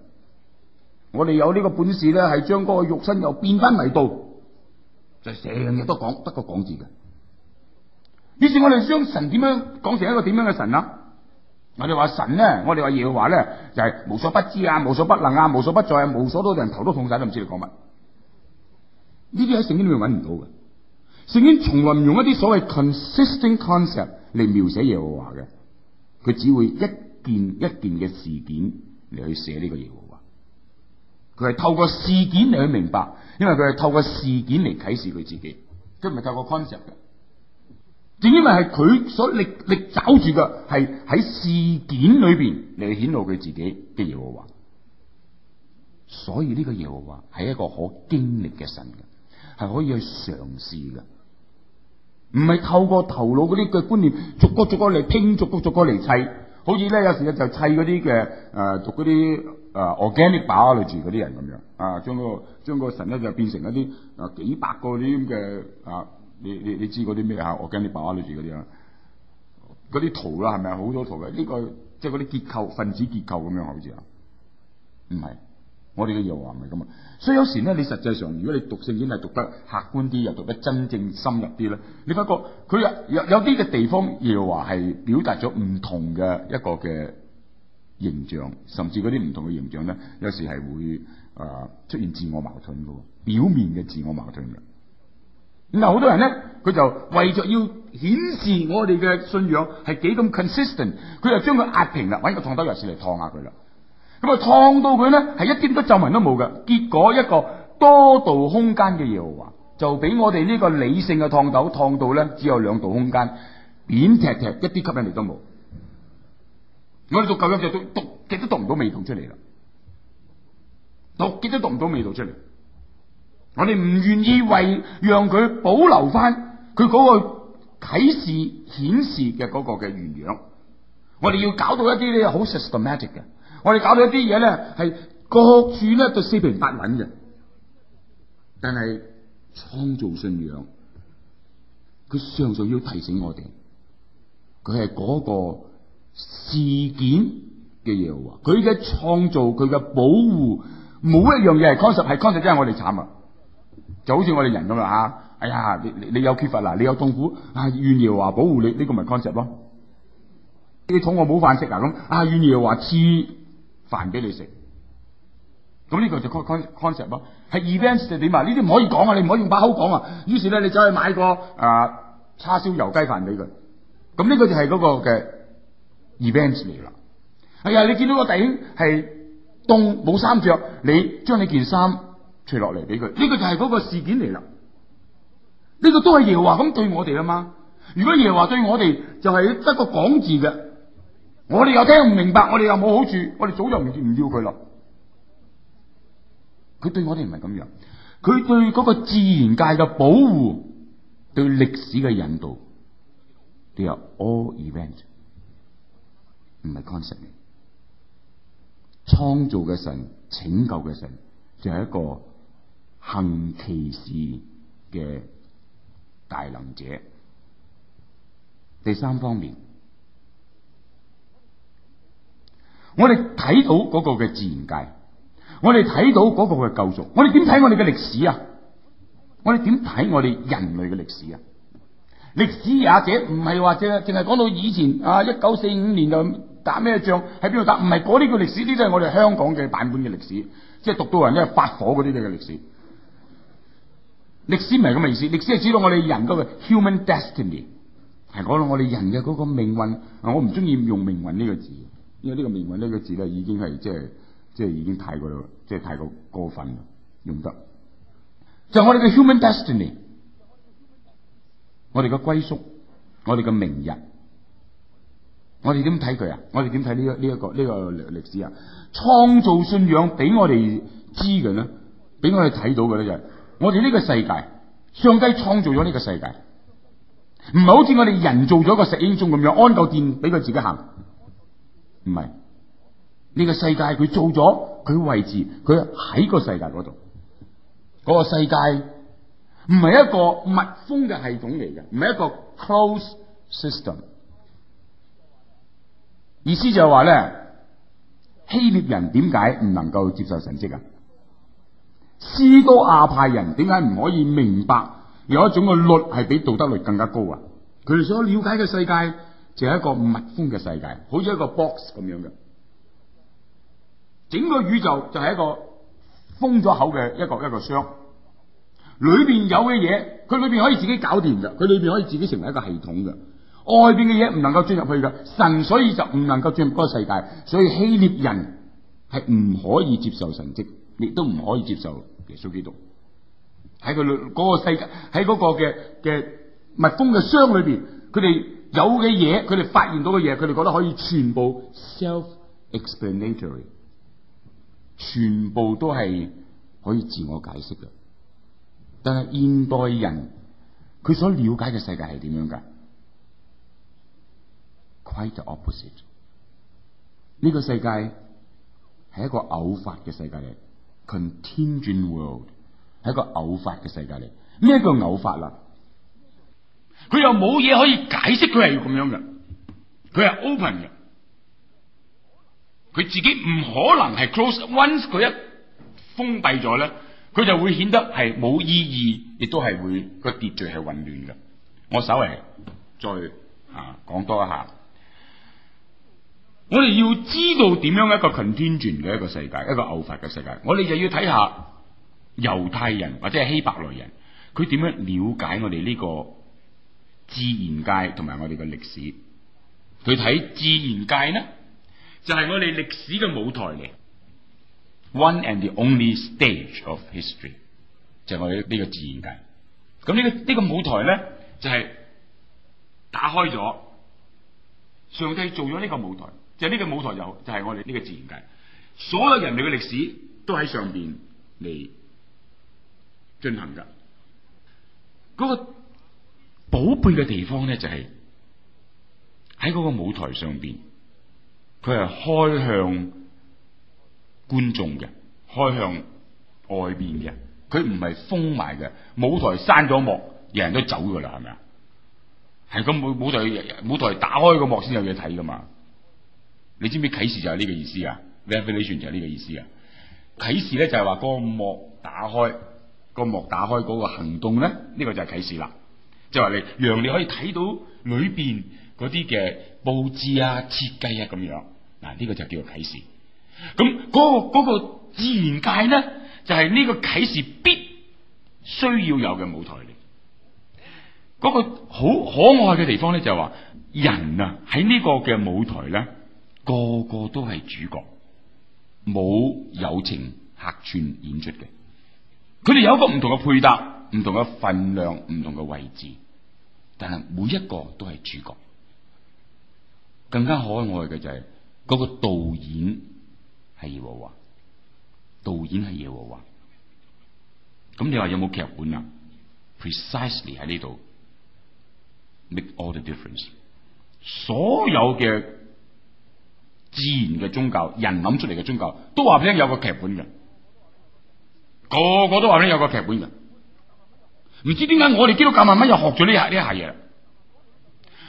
我哋有呢個本事咧，係將嗰個肉身又變翻迷道，就成日都講得個講字嘅。於是我哋將神點樣講成一個點樣嘅神啦、啊？我哋話神咧，我哋話耶和華咧，就係、是、無所不知啊，無所不能啊，無所不在啊，無所多，人頭都痛晒都唔知佢講乜。呢啲喺聖經裏面揾唔到嘅，聖經從來唔用一啲所謂 consistent concept 嚟描寫耶和華嘅。佢只會一件一件嘅事件嚟去寫呢個耶和華，佢係透過事件嚟去明白，因為佢係透過事件嚟啟示佢自己，佢唔係透過 concept 嘅。正因為係佢所力力找住嘅係喺事件裏邊嚟去顯露佢自己嘅耶和華，所以呢個耶和華係一個可經歷嘅神嘅，係可以去嘗試嘅。唔係透過頭腦嗰啲嘅觀念，逐個逐個嚟拼，逐個逐個嚟砌。好似咧，有時咧就砌嗰啲嘅誒，讀嗰啲誒，Organic Biology 嗰啲人咁樣啊，將、嗰個將個神咧就變成一啲、呃、幾百個啲咁嘅啊，你你你知嗰啲咩啊？Organic Biology 嗰啲啊，嗰啲圖啦係咪好多圖嘅？呢、呢個即係嗰啲結構分子結構咁樣好似啊，唔係。我哋嘅嘢話唔係咁啊，所以有時咧，你實際上如果你讀聖經係讀得客觀啲，又讀得真正深入啲咧，你發覺佢有有有啲嘅地方，又話係表達咗唔同嘅一個嘅形象，甚至嗰啲唔同嘅形象咧，有時係會誒、呃、出現自我矛盾嘅，表面嘅自我矛盾嘅。嗱，好多人咧，佢就為咗要顯示我哋嘅信仰係幾咁 consistent，佢就將佢壓平啦，揾個燙斗藥水嚟燙下佢啦。咁啊，燙到佢咧係一啲都皺紋都冇嘅。結果一個多度空間嘅嘢話就俾我哋呢個理性嘅燙斗燙到咧，只有兩度空間扁踢踢，一啲吸引力都冇。我哋讀舊約就讀讀，極都讀唔到味道出嚟啦，讀極都讀唔到味道出嚟。我哋唔願意為讓佢保留翻佢嗰個啟示顯示嘅嗰個嘅原樣，我哋要搞到一啲咧好 systematic 嘅。我哋搞到一啲嘢咧，係各處咧就四平八穩嘅，但係創造信仰，佢上上要提醒我哋，佢係嗰個事件嘅嘢，佢嘅創造，佢嘅保護，冇一樣嘢係 concept，係 concept 真係我哋慘啊！就好似我哋人咁啦吓，哎呀，你你有缺乏嗱，你有痛苦，啊，預言話保護你，呢、這個咪 concept 咯，你肚餓冇飯食啊，咁啊，預言話飯俾你食，咁呢個就 concept 咯，係 events 就點啊？呢啲唔可以講啊，你唔可以用把口講啊。於是咧，你走去買個啊叉燒油雞飯俾佢，咁呢個就係嗰個嘅 events 嚟啦。哎呀，你見到個底係凍冇衫着，你將你件衫除落嚟俾佢，呢個就係嗰個事件嚟啦。呢個都係耶華咁對我哋啊嘛。如果耶華對我哋就係得個講字嘅。我哋又聽唔明白，我哋又冇好處，我哋早就唔要佢喇。佢對我哋唔係咁樣，佢對嗰個自然界嘅保護，對歷史嘅引導，都有 all event 唔係 concerning。創造嘅神，拯救嘅神，就係、是、一個行其事嘅大能者。第三方面。我哋睇到嗰個嘅自然界，我哋睇到嗰個嘅救贖。我哋點睇我哋嘅歷史啊？我哋點睇我哋人類嘅歷史啊？歷史也者唔係話即係淨係講到以前啊，一九四五年就打咩仗喺邊度打？唔係嗰啲叫歷史，呢啲係我哋香港嘅版本嘅歷史，即係讀到人即係發火嗰啲嘅歷史。歷史唔係咁嘅意思，歷史係指到我哋人嗰個 human destiny，係講到我哋人嘅嗰個命運。啊，我唔中意用命運呢個字。因為呢個命運呢個字咧，已經係即係即係已經太過啦，即係太過過分啦，用得。就係我哋嘅 human destiny，我哋嘅歸宿，我哋嘅名人。我哋點睇佢啊？我哋點睇呢一呢一個呢個歷史啊？創造信仰俾我哋知嘅咧，俾我哋睇到嘅呢就係，我哋呢個世界，上帝創造咗呢個世界，唔係好似我哋人做咗個石英鐘咁樣安個電俾佢自己行。唔係呢個世界，佢做咗佢位置，佢喺個世界嗰度。嗰、那個世界唔係一個密封嘅系統嚟嘅，唔係一個 close system。意思就係話咧，希臘人點解唔能夠接受神蹟啊？斯多亞派人點解唔可以明白有一種嘅律係比道德律更加高啊？佢哋所了解嘅世界，就係、是、一個密封嘅世界，好似一個 box 咁樣嘅。整個宇宙就係一個封咗口嘅一個一個箱，裏邊有嘅嘢，佢裏邊可以自己搞掂嘅，佢裏邊可以自己成為一個系統嘅。外邊嘅嘢唔能夠進入去嘅，神所以就唔能夠進入嗰個世界，所以希臘人係唔可以接受神蹟，亦都唔可以接受耶穌基督喺佢嗰個世界喺嗰個嘅嘅密封嘅箱裏邊，佢哋。有嘅嘢，佢哋發現到嘅嘢，佢哋覺得可以全部 self-explanatory，全部都係可以自我解釋嘅。但係現代人佢所了解嘅世界係點樣㗎？Quite the opposite，呢個世界係一個偶發嘅世界嚟，contingent world 係一個偶發嘅世界嚟。呢一個偶發啦？佢又冇嘢可以解釋，佢係要咁樣嘅。佢係 open 嘅，佢自己唔可能係 close once 佢一封閉咗咧，佢就會顯得係冇意義，亦都係會個秩序係混亂嘅。我稍微再啊講多一下，我哋要知道點樣一個 contingent 嘅一個世界，一個偶發嘅世界，我哋就要睇下猶太人或者係希伯來人，佢點樣了解我哋呢個？自然界同埋我哋嘅歷史，佢睇自然界咧，就係我哋歷史嘅舞台嚟。One and the only stage of history，就係我哋呢個自然界。咁呢個呢個舞台咧，就係打開咗上帝做咗呢個舞台，就呢個舞台就就係我哋呢個自然界。所有人類嘅歷史都喺上邊嚟進行噶，嗰個。寶貝嘅地方咧，就係喺嗰個舞台上邊，佢係開向觀眾嘅，開向外邊嘅。佢唔係封埋嘅。舞台閂咗幕，人人都走噶啦，係咪啊？係個舞舞台，舞台打開個幕先有嘢睇噶嘛？你知唔知啟示就係呢個意思啊？revelation 就係呢個意思啊？啟示咧就係話嗰個幕打開，個幕打開嗰個行動咧，呢個就係啟示啦。就話你，讓你可以睇到裏邊嗰啲嘅佈置啊、設計啊咁樣。嗱，呢個就叫做啟示。咁嗰個嗰個自然界咧，就係呢個啟示必需要有嘅舞台嚟。嗰個好可愛嘅地方咧，就係話人啊喺呢個嘅舞台咧，個個都係主角，冇友情客串演出嘅。佢哋有一個唔同嘅配搭。唔同嘅份量，唔同嘅位置，但係每一個都係主角。更加可愛嘅就係嗰個導演係耶和華，導演係耶和華。咁你話有冇劇本啊？Precisely 喺呢度，make all the difference。所有嘅自然嘅宗教，人諗出嚟嘅宗教，都話畀你聽有個劇本嘅，個個都話畀你聽有個劇本嘅。唔知點解我哋基督教慢慢又學咗呢下呢下嘢。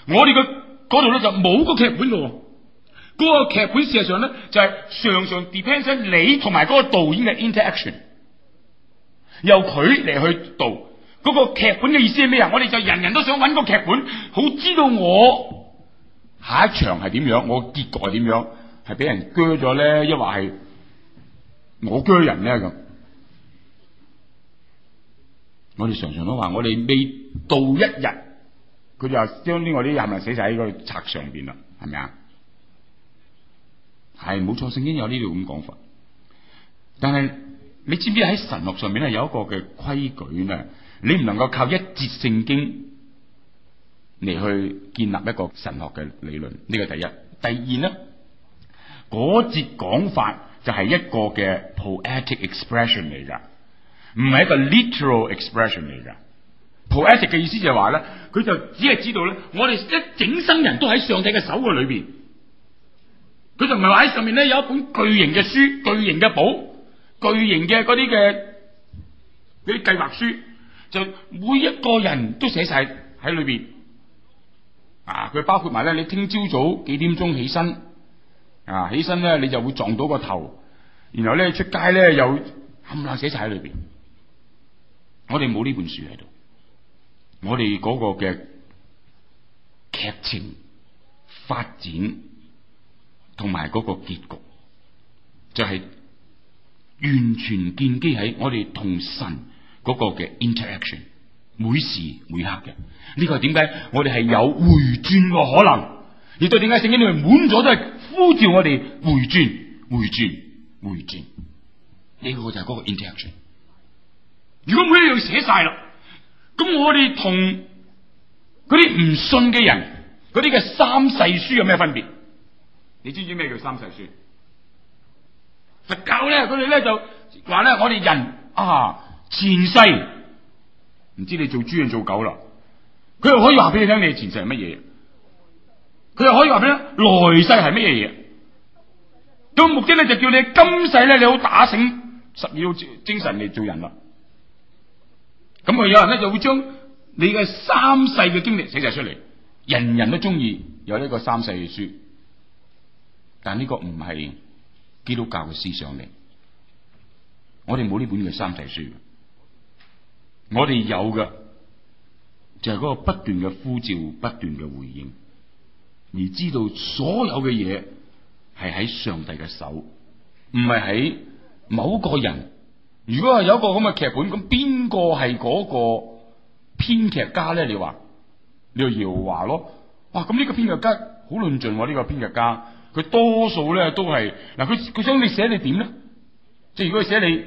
我哋嘅嗰度咧就冇個劇本嘅，嗰個劇本事實上咧就係常常 depends on 你同埋嗰個導演嘅 interaction，由佢嚟去導嗰個劇本嘅意思係咩啊？我哋就人人都想揾個劇本，好知道我下一場係點樣，我結果係點樣，係俾人鋸咗咧，抑或係我鋸人咧咁。我哋常常都話，我哋未到一日，佢就將呢個啲係咪寫晒喺個冊上邊啦？係咪啊？係冇錯，聖經有呢度咁講法。但係你知唔知喺神學上面咧有一個嘅規矩咧？你唔能夠靠一節聖經嚟去建立一個神學嘅理論，呢個第一。第二咧，嗰節講法就係一個嘅 poetic expression 嚟噶。唔係一個 literal expression 嚟噶，poetic 嘅意思就係話咧，佢就只係知道咧，我哋一整生人都喺上帝嘅手嘅裏邊，佢就唔係話喺上面咧有一本巨型嘅書、巨型嘅簿、巨型嘅啲嘅啲計劃書，就每一個人都寫晒喺裏邊。啊，佢包括埋咧，你聽朝早早幾點鐘起身，啊，起身咧你就會撞到個頭，然後咧出街咧又冚唪唥寫晒喺裏邊。我哋冇呢本書喺度，我哋嗰個嘅劇情發展同埋嗰個結局，就係、是、完全建基喺我哋同神嗰個嘅 interaction，每時每刻嘅。呢、這個係點解？我哋係有回轉嘅可能，亦都係點解聖經裡面滿咗都係呼召我哋回轉、回轉、回轉？呢、這個就係嗰個 interaction。如果佢一樣寫晒啦，咁我哋同啲唔信嘅人，啲嘅三世書有咩分別？你知唔知咩叫三世書？佛教呢佢哋呢就教咧，佢哋咧就話咧，我哋人啊前世唔知你做豬定做狗啦，佢又可以話俾你聽你前世係乜嘢，佢又可以話俾你聽來世係乜嘢嘢。咁目的咧就叫你今世咧你好打醒十二分精神嚟做人啦。咁啊！有人咧就會將你嘅三世嘅經歷寫晒出嚟，人人都中意有呢個三世嘅書，但呢個唔係基督教嘅思想嚟，我哋冇呢本嘅三世書，我哋有嘅就係嗰個不斷嘅呼召，不斷嘅回應，而知道所有嘅嘢係喺上帝嘅手，唔係喺某個人。如果係有一個咁嘅劇本，咁邊個係嗰個編劇家咧？你話你姚華咯？哇！咁呢個編劇家好論盡喎、啊，呢、呢個編劇家佢多數咧都係嗱，佢佢想你寫你點咧？即係如果佢寫你，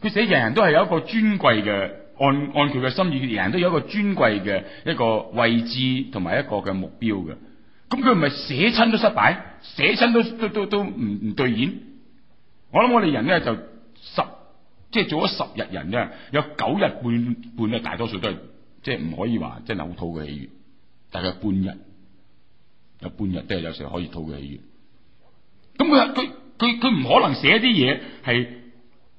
佢寫人人都係有一個尊貴嘅，按按佢嘅心意，人人都有一個尊貴嘅一個位置同埋一個嘅目標嘅。咁佢唔係寫親都失敗，寫親都都都都唔唔對演。我諗我哋人咧就。即係做咗十日人咧，有九日半半，咧，大多數都係即係唔可以話即係討佢喜悅。大概半日有半日都係有時候可以討佢喜悅。咁佢佢佢佢唔可能寫啲嘢，係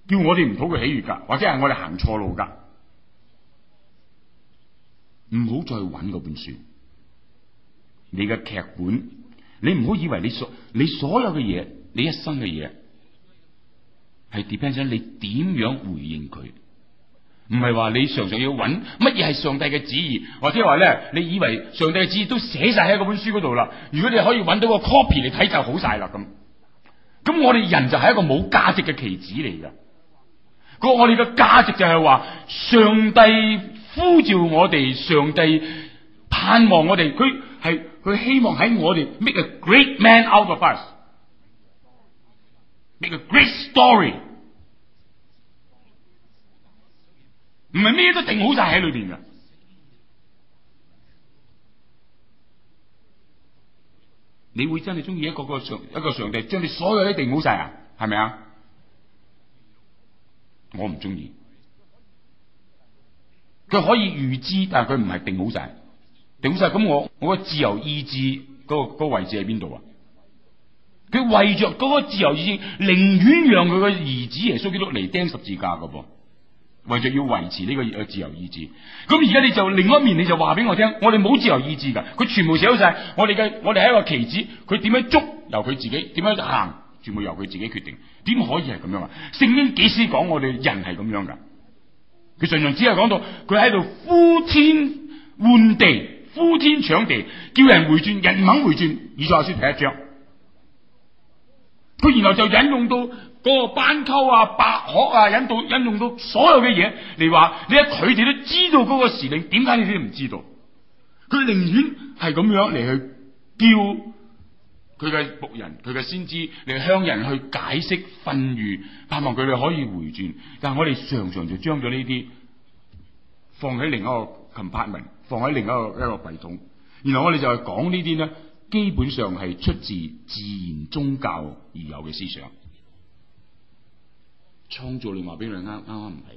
叫我哋唔討佢喜悅噶，或者係我哋行錯路噶。唔好再揾嗰本書。你嘅劇本，你唔好以為你所你所有嘅嘢，你一生嘅嘢。係 depends on 你點樣回應佢？唔係話你常常要揾乜嘢係上帝嘅旨意，或者話咧，你以為上帝嘅旨意都寫晒喺嗰本書嗰度啦？如果你可以揾到個 copy 嚟睇就好晒啦咁。咁我哋人就係一個冇價值嘅棋子嚟噶。咁我哋嘅價值就係話上帝呼召我哋，上帝盼望我哋，佢係佢希望喺我哋 make a great man out of us。一個 great story，唔係咩都定好晒喺裏邊噶，你會真係中意一個一個上一個上帝將你所有都定好晒啊？係咪啊？我唔中意，佢可以預知，但係佢唔係定好晒，定好晒。咁我我嘅自由意志、嗰個嗰個位置喺邊度啊？佢為著嗰個自由意志，寧願讓佢個兒子耶穌基督嚟釘十字架噶噃，為著要維持呢個自由意志。咁而家你就另一面，你就話俾我聽，我哋冇自由意志噶，佢全部寫好晒，我哋嘅我哋係一個棋子，佢點樣捉由佢自己，點樣行全部由佢自己決定，點可以係咁樣啊？聖經幾時講我哋人係咁樣噶？佢常常只係講到佢喺度呼天喚地，呼天搶地，叫人回轉，人唔肯回轉，爾後先踢一腳。佢然後就引用到嗰個斑鳩啊、白鶴啊，引用引用到所有嘅嘢嚟話，你睇佢哋都知道嗰個時令，點解你哋唔知道？佢寧願係咁樣嚟去叫佢嘅僕人、佢嘅先知嚟向人去解釋訓喻，盼望佢哋可以回轉。但係我哋常常就將咗呢啲放喺另一個 compartment，放喺另一個一個櫃桶。然後我哋就係講這些呢啲咧。基本上係出自自然宗教而有嘅思想。創造你話俾你聽，啱啱唔係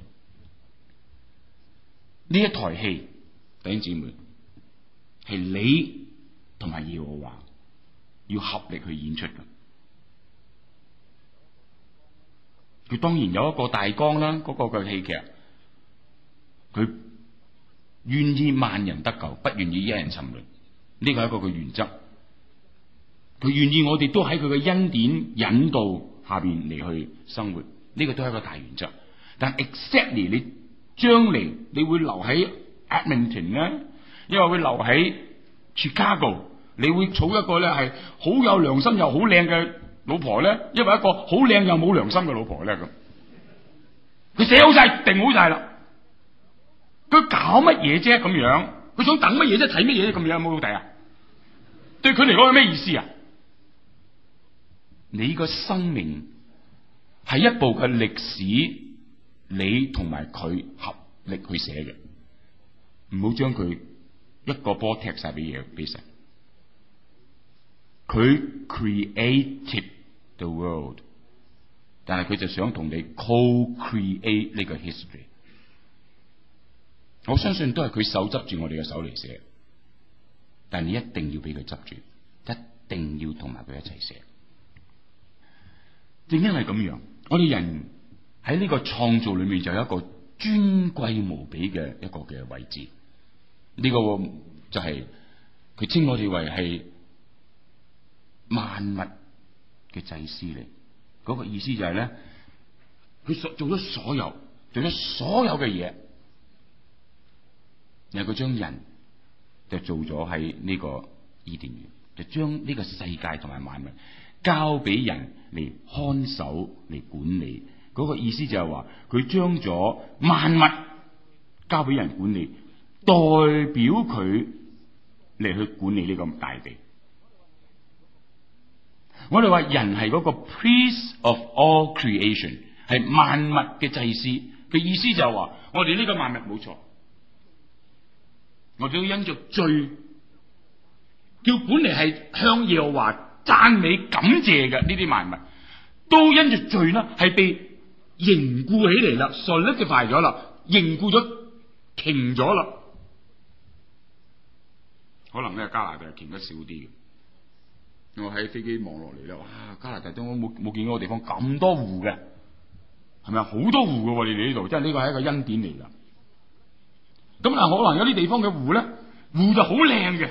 呢一台戲，弟兄姊妹，係你同埋耶和華要合力去演出嘅。佢當然有一個大綱啦，嗰、嗰個嘅戲劇，佢願意萬人得救，不願意一人沉淪，呢個係一個嘅原則。佢願意我哋都喺佢嘅恩典引導下面嚟去生活，呢個都係一個大原則。但係 exactly 你將嚟你會留喺 Edmonton 咧，因為會留喺 Chicago，你會娶一個咧係好有良心又好靚嘅老婆咧，因為一個好靚又冇良心嘅老婆咧咁。佢寫好晒，定好晒啦。佢搞乜嘢啫？咁樣佢想等乜嘢啫？睇乜嘢啫？咁樣，冇老弟啊，對佢嚟講係咩意思啊？你這個生命係一部嘅歷史，你同埋佢合力去寫嘅，唔好將佢一個波踢晒嘅嘢俾神。佢 created the world，但係佢就想同你 co-create 呢個 history。我相信都係佢手執住我哋嘅手嚟寫，但係你一定要俾佢執住，一定要同埋佢一齊寫。正因係咁樣，我哋人喺呢個創造裏面就有一個尊貴無比嘅一個嘅位置。呢、這個就係佢稱我哋為係萬物嘅祭司嚟。嗰個意思就係、是、咧，佢所做咗所有，做咗所有嘅嘢，然後佢將人就做咗喺呢個伊甸園，就將呢個世界同埋萬物，交俾人嚟看守、嚟管理，嗰、那個意思就係話，佢將咗萬物交俾人管理，代表佢嚟去管理呢個大地。我哋話人係嗰個 priest of all creation，係萬物嘅祭司，嘅、那個、意思就係話，我哋呢個萬物冇錯。我哋要因着罪，叫本嚟係向耶和讚美感謝嘅呢啲萬物，都因住罪啦，係被凝固起嚟啦，solidify 咗啦，凝固咗停咗啦。可能呢個加拿大係停得少啲嘅。我喺飛機望落嚟啦，哇！加拿大都冇冇見過個地方咁多湖嘅，係咪好多湖嘅？啊、你哋呢度，即係呢個係一個恩典嚟噶。咁啊，但可能有啲地方嘅湖咧，湖就好靚嘅。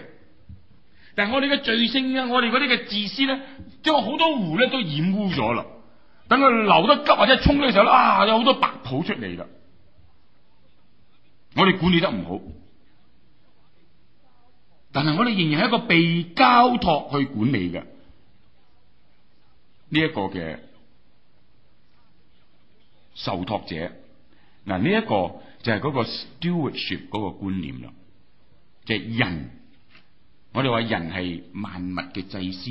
但係我哋嘅罪性啊，我哋嗰啲嘅自私咧，將好多湖咧都染污咗啦。等佢流得急或者衝嘅時候咧，啊，有好多白泡出嚟啦。我哋管理得唔好，但係我哋仍然係一個被交託去管理嘅呢一個嘅受託者。嗱，呢一個就係嗰個 stewardship 嗰個觀念啦，即係人。我哋話人係萬物嘅祭司，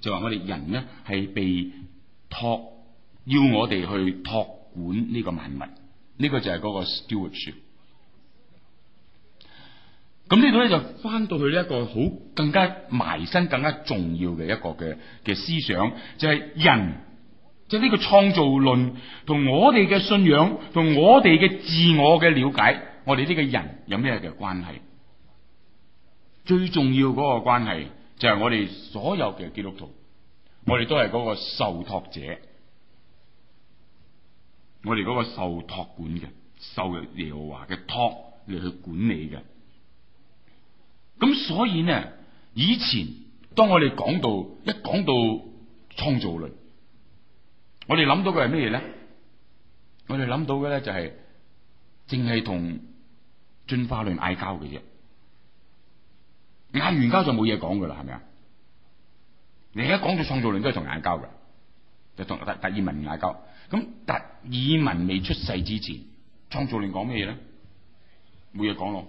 就話我哋人咧係被託，要我哋去託管呢個萬物，呢、這個就係嗰個 stewardship。咁呢度咧就返到去呢一個好更加埋身、更加重要嘅一個嘅嘅思想，就係、是、人，就呢、是、個創造論同我哋嘅信仰同我哋嘅自我嘅了解，我哋呢個人有咩嘅關係？最重要嗰個關係就係我哋所有嘅基督徒，我哋都係嗰個受託者，我哋嗰個受託管嘅受耶和華嘅託嚟去管理嘅。咁所以呢，以前當我哋講到一講到創造論，我哋諗到嘅係咩嘢咧？我哋諗到嘅咧就係淨係同進化論嗌交嘅啫。嗌完交就冇嘢講噶啦，係咪啊？說了是是，你而家講咗創造論都係同嗌交嘅，就同達爾文嗌交。咁達爾文未出世之前，創造論講咩嘢咧？冇嘢講咯。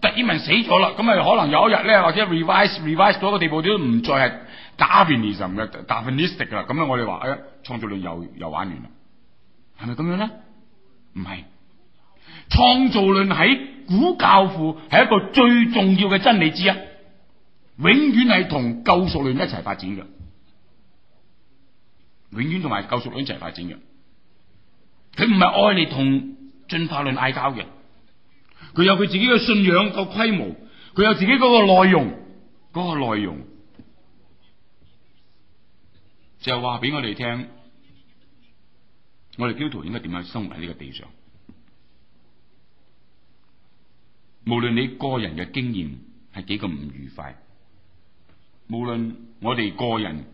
達爾文死咗啦，咁咪可能有一日咧，或者 revise revise 咗一個地步，都唔再係 darwinism 嘅 darwinistic 噶啦。咁樣我哋話，哎創造論又又玩完啦，係咪咁樣咧？唔係。創造論喺古教父係一個最重要嘅真理之一，永遠係同救贖論一齊發展嘅，永遠同埋救贖論一齊發展嘅。佢唔係愛嚟同進化論嗌交嘅，佢有佢自己嘅信仰個規模，佢有自己嗰個內容，嗰個內容就話俾我哋聽，我哋基督徒應該點樣生活喺呢個地上。無論你個人嘅經驗係幾咁唔愉快，無論我哋個人，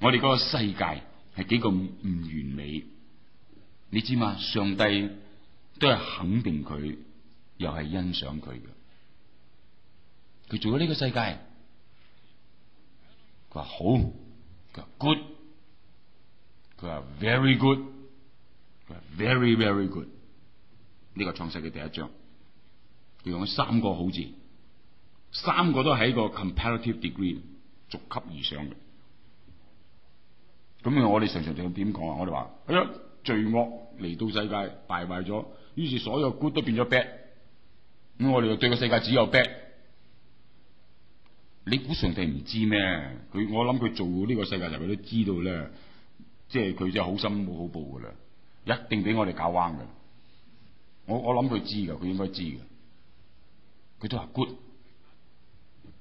我哋個世界係幾咁唔完美，你知嘛？上帝都係肯定佢，又係欣賞佢嘅。佢做咗呢個世界，佢話好，佢話 good，佢話 very good，佢話 very very good，呢個創世嘅第一章，用咗三個好字，三個都喺一個 comparative degree，逐級而上嘅。咁我哋常常仲點講啊？我哋話，哎呀，罪惡嚟到世界，敗壞咗，於是所有 good 都變咗 bad。咁我哋對個世界只有 bad。你估上帝唔知咩？佢我諗佢做呢個世界入面佢都知道啦。即係佢真係好心冇好報㗎啦，一定俾我哋搞彎㗎。我我諗佢知㗎，佢應該知㗎。佢都話 good，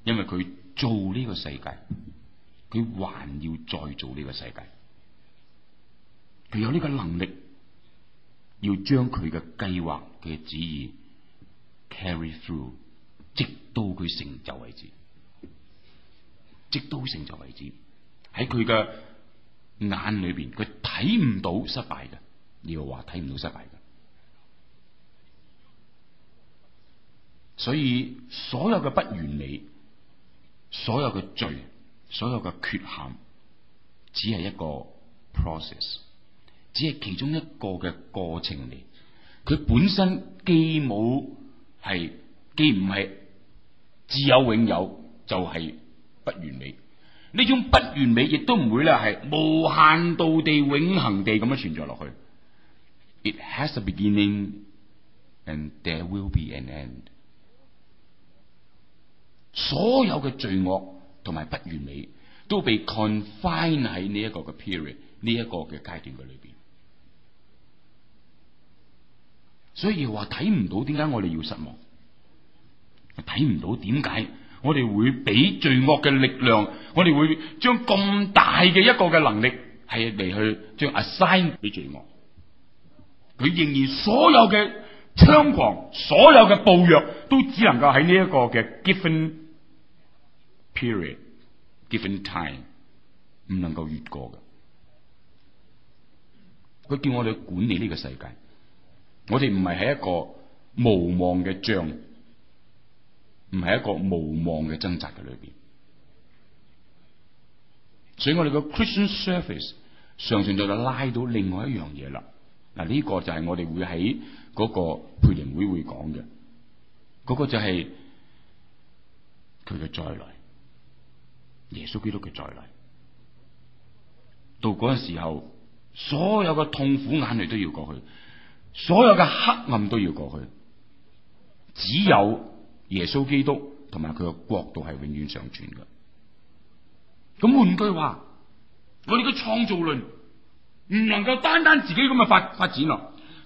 因為佢做呢個世界，佢還要再做呢個世界，佢有呢個能力，要將佢嘅計劃嘅旨意 carry through，直到佢成就為止，直到成就為止，喺佢嘅眼裏邊，佢睇唔到失敗嘅，你又話睇唔到失敗嘅。所以所有嘅不完美，所有嘅罪，所有嘅缺陷，只係一個 process，只係其中一個嘅過程嚟。佢本身既冇係，既唔係自有永有，就係不完美。呢種不完美亦都唔會咧係無限度地永恆地咁樣存在落去。It has a beginning and there will be an end. 所有嘅罪惡同埋不完美都被 confine 喺呢一個嘅 period，呢一個嘅階段嘅裏邊，所以話睇唔到點解我哋要失望，睇唔到點解我哋會俾罪惡嘅力量，我哋會將咁大嘅一個嘅能力係嚟去將 assign 俾罪惡，佢仍然所有嘅。猖狂，所有嘅暴虐都只能夠喺呢一個嘅 given period，given time，唔能夠越過嘅。佢叫我哋管理呢個世界，我哋唔係喺一個無望嘅仗，唔係一個無望嘅掙扎嘅裏邊。所以我哋嘅 Christian service 常常就拉到另外一樣嘢啦。嗱、這、呢個就係我哋會喺。嗰、個配靈會會講嘅，嗰、個就係佢嘅再來，耶穌基督嘅再來。到嗰陣時候，所有嘅痛苦眼淚都要過去，所有嘅黑暗都要過去，只有耶穌基督同埋佢嘅國度係永遠常存嘅。咁換句話，我哋嘅創造論唔能夠單單自己咁嘅發發展咯。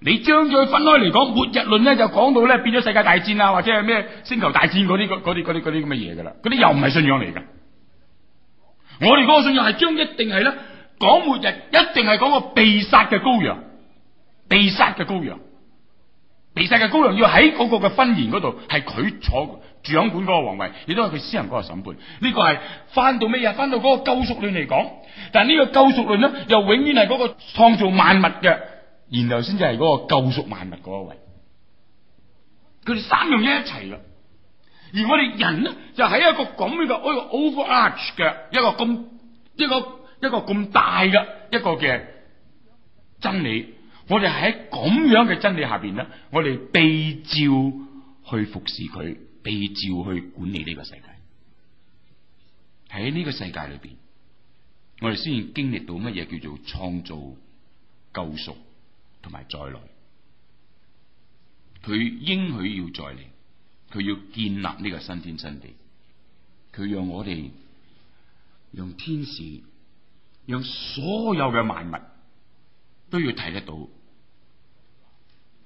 你將佢分開嚟講，末日論咧就講到咧變咗世界大戰啊，或者係咩星球大戰嗰啲嗰啲嗰啲嗰啲咁嘅嘢噶啦，嗰啲又唔係信仰嚟噶。我哋嗰個信仰係將一定係咧講末日，一定係講個被殺嘅羔羊，被殺嘅羔羊，被殺嘅羔羊要喺嗰個嘅婚筵嗰度係佢坐住掌管嗰個皇位，亦都係佢私人嗰個審判。呢個係翻到咩啊？翻到嗰個救贖論嚟講，但係呢個救贖論呢，又永遠係嗰個創造萬物嘅。然後先至係個救贖萬物嗰一位，佢哋三樣嘢，一齊啦。而我哋人咧，就喺一個咁樣嘅一個 overarch 嘅一個咁一個一個咁大嘅一個嘅真理，我哋係喺咁樣嘅真理下邊咧，我哋被召去服侍佢，被召去管理呢個世界。喺呢個世界裏邊，我哋先至經歷到乜嘢叫做創造救贖。同埋再來，佢應許要再嚟，佢要建立呢個新天新地，佢讓我哋，用天使，讓所有嘅萬物都要睇得到，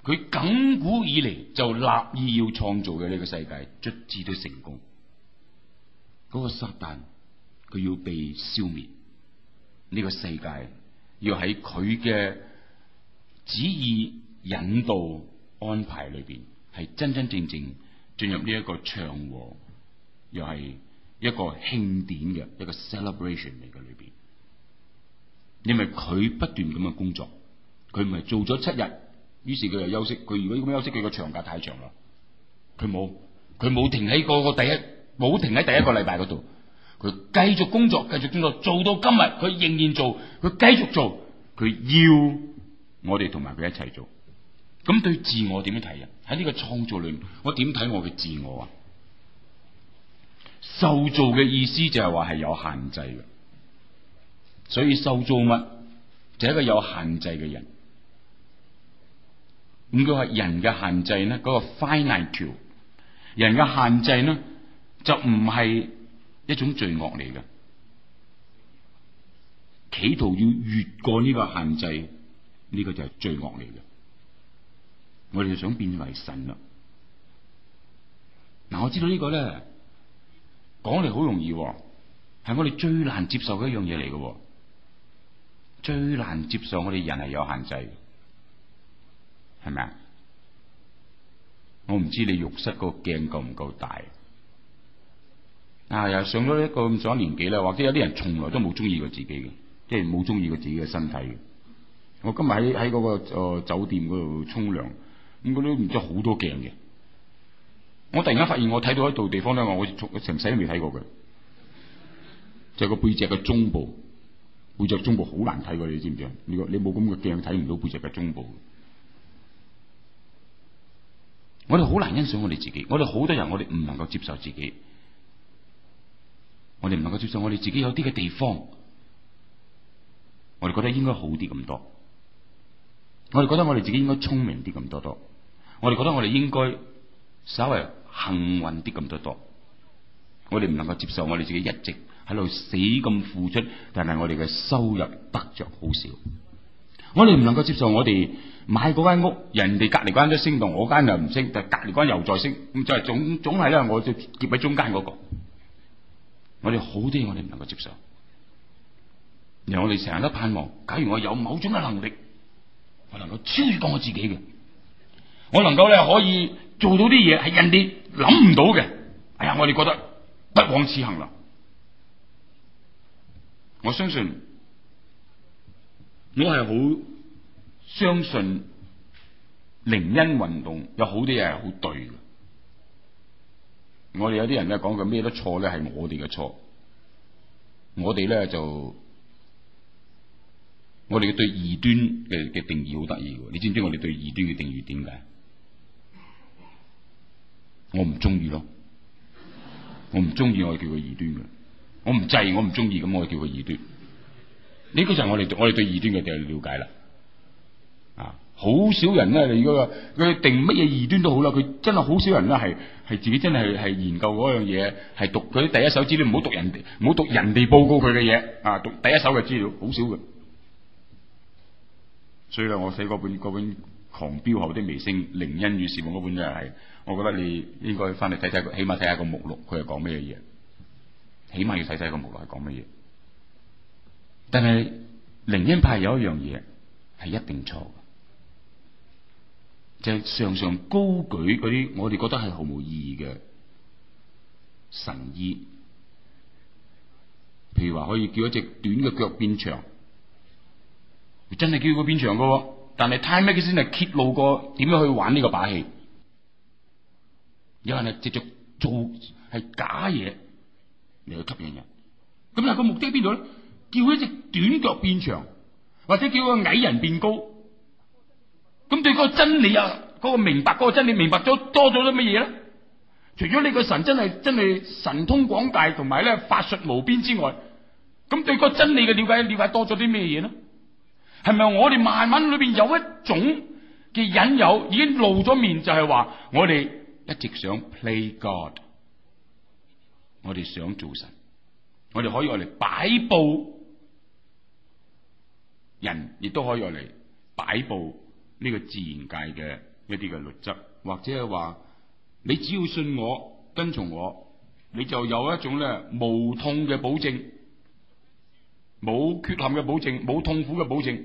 佢亙古以嚟就立意要創造嘅呢個世界，卒之都成功，嗰、那個撒旦佢要被消滅，呢、這個世界要喺佢嘅。旨意引導安排裏邊係真真正正進入呢一個場合，又係一個慶典嘅一個 celebration 嚟嘅裏邊。因為佢不斷咁樣工作，佢唔係做咗七日，於是佢又休息。佢如果咁休息，佢個長假太長啦。佢冇，佢冇停喺個個第一，冇停喺第一個禮拜嗰度，佢繼續工作，繼續工作，做到今日，佢仍然做，佢繼續做，佢要。我哋同埋佢一齊做，咁對自我點樣睇呀？喺呢個創造裡面，我點睇我嘅自我啊？受造嘅意思就係話係有限制嘅，所以受造乜就係一個有限制嘅人。咁佢話人嘅限制咧，嗰個 finite 人嘅限制咧，就唔係一種罪惡嚟嘅，企圖要越過呢個限制。呢個就係罪惡嚟嘅，我哋想變為神啦。嗱，我知道呢個咧講嚟好容易，係我哋最難接受嘅一樣嘢嚟嘅，最難接受我哋人係有限制嘅，係咪啊？我唔知你浴室個鏡夠唔夠大啊？又上咗一個咁上年紀啦，或者有啲人從來都冇中意過自己嘅，即係冇中意過自己嘅身體嘅。我今日喺喺嗰個誒、呃、酒店度沖涼，咁嗰啲唔知好多鏡嘅。我突然間發現我看到地方，我睇到一道地方咧，我從成世都未睇過佢，就係個背脊嘅中部，背脊中部好難睇過，你知唔知啊？呢個你冇咁嘅鏡睇唔到背脊嘅中部。我哋好難欣賞我哋自己，我哋好多人我哋唔能夠接受自己，我哋唔能夠接受我哋自己有啲嘅地方，我哋覺得應該好啲咁多。我哋覺得我哋自己應該聰明啲咁多多，我哋覺得我哋應該稍為幸運啲咁多多，我哋唔能夠接受我哋自己一直喺度死咁付出，但係我哋嘅收入得着好少，我哋唔能夠接受我哋買嗰間屋，人哋隔離間都升到我間又唔升，但隔離間又再升在升，咁就係總總係因為我結喺中間嗰個，我哋好多嘢我哋唔能夠接受，然後我哋成日都盼望，假如我有某種嘅能力。我能夠超越到我自己嘅，我能夠咧可以做到啲嘢係人哋諗唔到嘅。哎呀，我哋覺得不枉此行啦。我相信我係好相信靈恩運動有好啲嘢係好對嘅。我哋有啲人咧講佢咩都錯咧係我哋嘅錯，我哋咧就。我哋嘅對異端嘅嘅定義好得意，你知唔知我哋對異端嘅定義點解？我唔中意咯，我唔中意，我叫佢異端嘅。我唔制，我唔中意，咁我叫佢異端。呢個就係我哋我哋對異端嘅定義了解啦。啊，好少人咧，你嗰個佢定乜嘢異端都好啦。佢真係好少人咧，係係自己真係係研究嗰樣嘢，係讀佢啲第一手資料，唔好讀人哋唔好讀人哋報告佢嘅嘢啊！讀第一手嘅資料，好少嘅。所以我寫嗰本嗰本《本狂飆後的微聲》靈恩與事奉嗰本就係，我覺得你應該翻去睇睇，起碼睇下個目錄，佢係講咩嘢，起碼要睇睇個目錄係講咩嘢。但係靈恩派有一樣嘢係一定錯嘅，就係常常高舉嗰啲我哋覺得係毫無意義嘅神醫，譬如話可以叫一隻短嘅腳變長。真係叫佢變長噶，但係 Time Magazine 先係揭露過點樣去玩呢個把戲。有人係直接做係假嘢嚟去吸引人，咁但係個目的邊度咧？叫佢一隻短腳變長，或者叫佢矮人變高，咁對個真理啊，嗰個明白嗰個真理明白咗多咗啲乜嘢咧？除咗呢個神真係真係神通廣大，同埋咧法術無邊之外，咁對個真理嘅了解，了解多咗啲咩嘢咧？係咪我哋慢慢裏邊有一種嘅引誘已經露咗面，就係話我哋一直想 play God，我哋想做神，我哋可以用嚟擺布人，亦都可以用嚟擺布呢個自然界嘅一啲嘅律則，或者係話你只要信我，跟從我，你就有一種咧無痛嘅保證。冇缺陷嘅保證，冇痛苦嘅保證，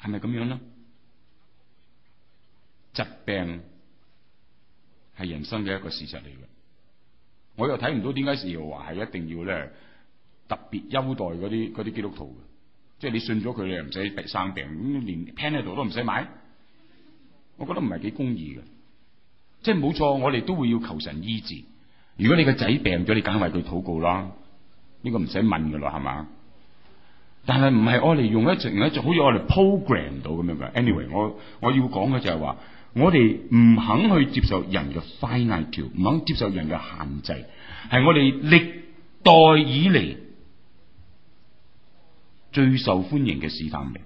係咪咁樣咧？疾病係人生嘅一個事實嚟嘅，我又睇唔到點解耶和華係一定要咧特別優待嗰啲嗰啲基督徒嘅，即係你信咗佢，你又唔使生病，咁連 panadol 都唔使買，我覺得唔係幾公義嘅。即係冇錯，我哋都會要求神醫治。如果你個仔病咗，你梗係為佢禱告啦，呢個唔使問噶啦，係嘛？但係唔係我哋用一程咧，就好似我哋 program 到咁樣嘅。Anyway，我我要講嘅就係話，我哋唔肯去接受人嘅 finitude，唔肯接受人嘅限制，係我哋歷代以嚟最受歡迎嘅試探嚟。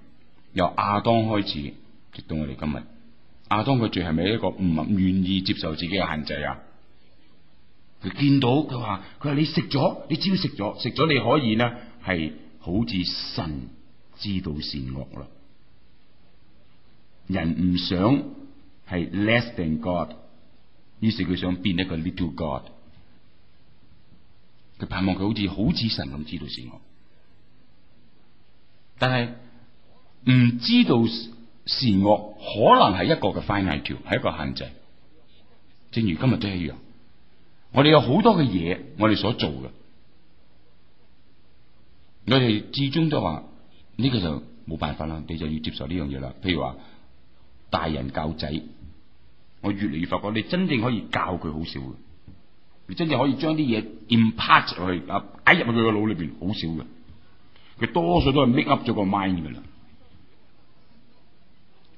由亞當開始，直到我哋今日，亞當嘅罪係咪一個唔願意接受自己嘅限制啊？佢見到佢話，佢話你食咗，你只要食咗，食咗你可以呢。」係。好似神知道善惡啦，人唔想係 less than God，於是佢想變一個 little God，佢盼望佢好似好似神咁知道善惡，但係唔知道善惡可能係一個嘅 fine line o 係一個限制。正如今日都係一樣，我哋有好多嘅嘢我哋所做嘅。我哋至終都話呢個就冇辦法啦，你就要接受呢樣嘢啦。譬如話大人教仔，我越嚟越發覺你真正可以教佢好少嘅，你真正可以將啲嘢 impart 去啊，擺入去佢個腦裏邊好少嘅，佢多數都係 make up 咗個 mind 噶啦。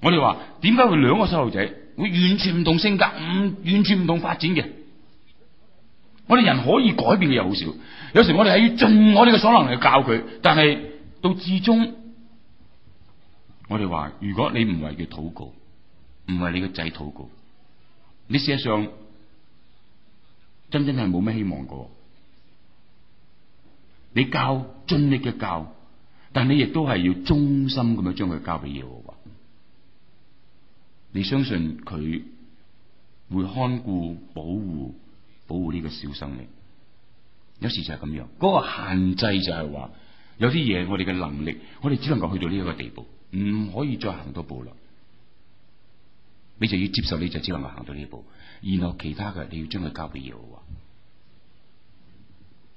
我哋話點解佢兩個細路仔會完全唔同性格，唔完全唔同發展嘅？我哋人可以改變嘅又好少，有時我哋係要盡我哋嘅所能嚟去教佢，但係到至終，我哋話：如果你唔係叫禱告，唔係你個仔禱告，你事實上真真係冇咩希望噶。你教盡力嘅教，但你亦都係要忠心咁樣將佢交俾耶和華。你相信佢會看顧保護。保護呢個小生命，有時就係咁樣。嗰個限制就係話，有啲嘢我哋嘅能力，我哋只能夠去到呢一個地步，唔、嗯、可以再行多步啦。你就要接受你，你就只能夠行到呢一步，然後其他嘅你要將佢交俾耶和華。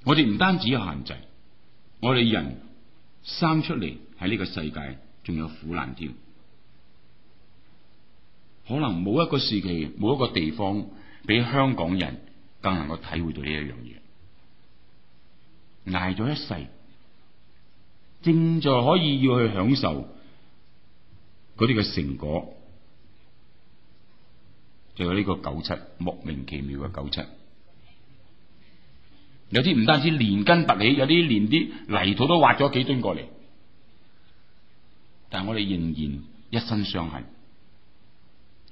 我哋唔單止有限制，我哋人生出嚟喺呢個世界，仲有苦難添。可能冇一個時期，冇一個地方，比香港人。更能夠體會到呢一樣嘢，挨咗一世，正在可以要去享受嗰啲嘅成果，仲有呢個九七莫名其妙嘅九七，有啲唔單止連根拔起，有啲連啲泥土都挖咗幾樽過嚟，但係我哋仍然一身傷痕，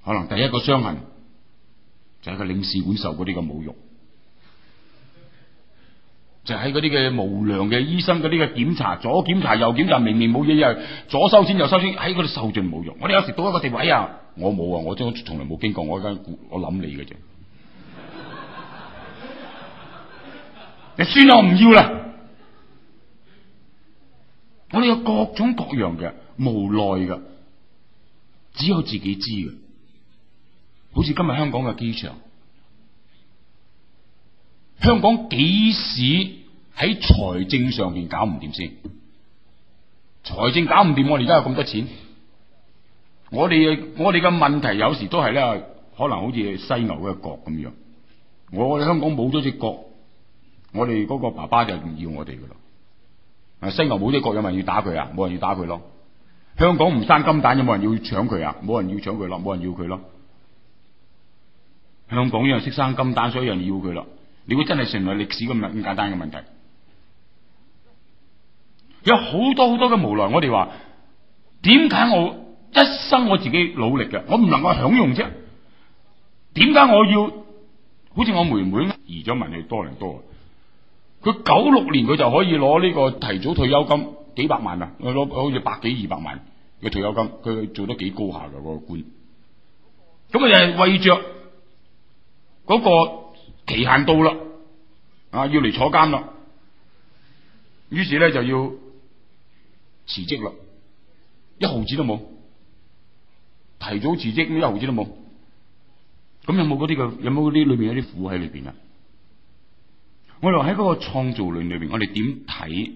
可能第一個傷痕。喺、就、個、是、領事館受嗰啲嘅侮辱，就喺嗰啲嘅無良嘅醫生嗰啲嘅檢查，左檢查右檢查，明明冇嘢又左收錢右收錢，喺嗰度受盡侮辱。我哋有時到一個地位啊、哎，我冇啊，我真從來冇經過我而家，我諗你嘅啫。 你算啦，我唔要啦，我哋有各種各樣嘅無奈噶，只有自己知嘅。好似今日香港嘅機場，香港幾時喺財政上面搞唔掂先？財政搞唔掂，我哋而家有咁多錢，我哋我哋嘅問題有時都係咧，可能好似犀牛嘅角咁樣，我哋香港冇咗隻角，我哋嗰個爸爸就唔要我哋噶啦。啊，犀牛冇咗隻角，有冇人要打佢啊？冇人要打佢咯。香港唔生金蛋，有冇人要搶佢啊？冇人要搶佢咯，冇人要佢咯。有香港一樣識生金蛋，所以一樣要佢咯。你會真係成為歷史咁咁簡單嘅問題，有好多好多嘅無奈。我哋話點解我一生我自己努力嘅，我唔能夠享用啫？點解我要好似我妹妹移咗民，你多倫多啊？佢九六年佢就可以攞呢個提早退休金幾百萬啊！攞好似百幾二百萬嘅退休金，佢做得幾高下嘅，嗰個官。咁啊，又係為着。嗰個期限到啦，啊要嚟坐監啦，於是咧就要辭職啦，一毫子都冇，提早辭職，一毫子都冇，咁有冇嗰啲嘅有冇啲裏面有啲苦喺裏邊啊？我哋喺嗰個創造論裏邊，我哋點睇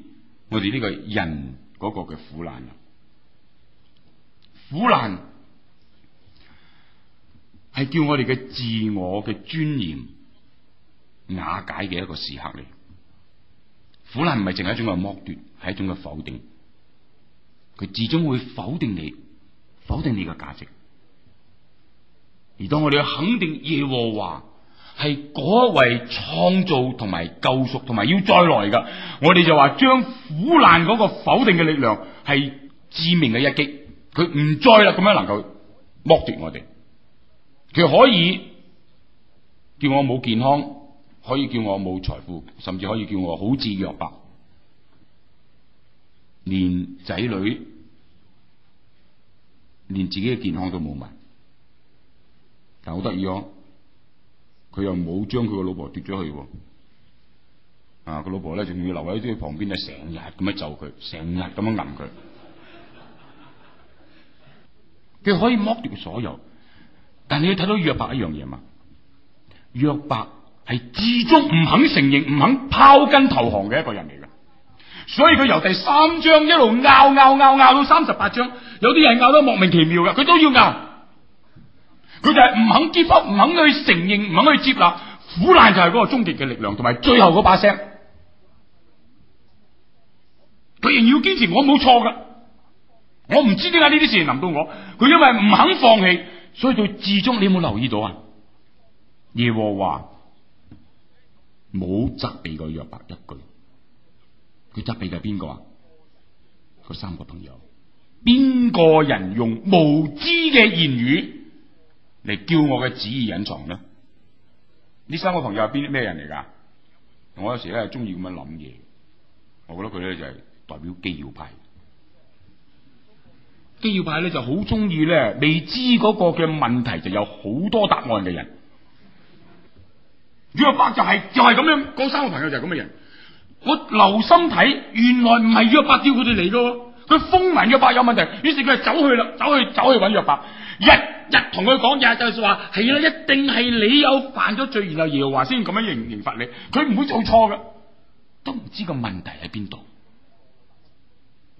我哋呢個人嗰個嘅苦難啊？苦難。係叫我哋嘅自我嘅尊嚴瓦解嘅一個時刻嚟，苦難唔係淨係一種嘅剝奪，係一種嘅否定。佢始終會否定你，否定你嘅價值。而當我哋去肯定耶和華，係嗰位創造同埋救贖同埋要再來嘅，我哋就話將苦難嗰個否定嘅力量係致命嘅一擊，佢唔再啦，咁樣能夠剝奪我哋。佢可以叫我冇健康，可以叫我冇財富，甚至可以叫我好自若白。連仔女，連自己嘅健康都冇埋，但好得意咯。佢又冇將佢嘅老婆奪咗去，啊，佢老婆咧仲要留喺啲旁邊咧，成日咁樣咒佢，成日咁樣揞佢。佢可以剝奪所有。但你要睇到約伯一樣嘢嘛？約伯係始終唔肯承認、唔肯拋根投降嘅一個人嚟嘅，所以佢由第三章一路拗，拗拗拗拗到三十八章，有啲人拗得莫名其妙噶，佢都要拗，佢就係唔肯接受、唔肯去承認、唔肯去接納苦難，就係嗰個終極嘅力量，同埋最後嗰把聲，佢仍然要堅持我冇錯噶，我唔知點解呢啲事臨到我，佢因為唔肯放棄。所以佢至終，你有冇留意到啊？耶和華冇責備過約伯一句，佢責備嘅邊個啊？佢三個朋友。邊個人用無知嘅言語嚟叫我嘅旨意隱藏咧？呢三個朋友係邊啲咩人嚟噶？我有時咧係中意咁樣諗嘢，我覺得佢咧就係代表基要派。基要派咧就好中意咧，未知嗰個嘅問題就有好多答案嘅人。約伯就係、是、就係、是、咁樣，嗰三個朋友就係咁嘅人。我留心睇，原來唔係約伯叫佢哋嚟噶，佢封埋約伯有問題，於是佢就走去啦，走去走去搵約伯，日日同佢講嘢，就係話係啦，一定係你有犯咗罪，然後耶和華先咁樣刑刑罰你。佢唔會做錯噶，都唔知個問題喺邊度。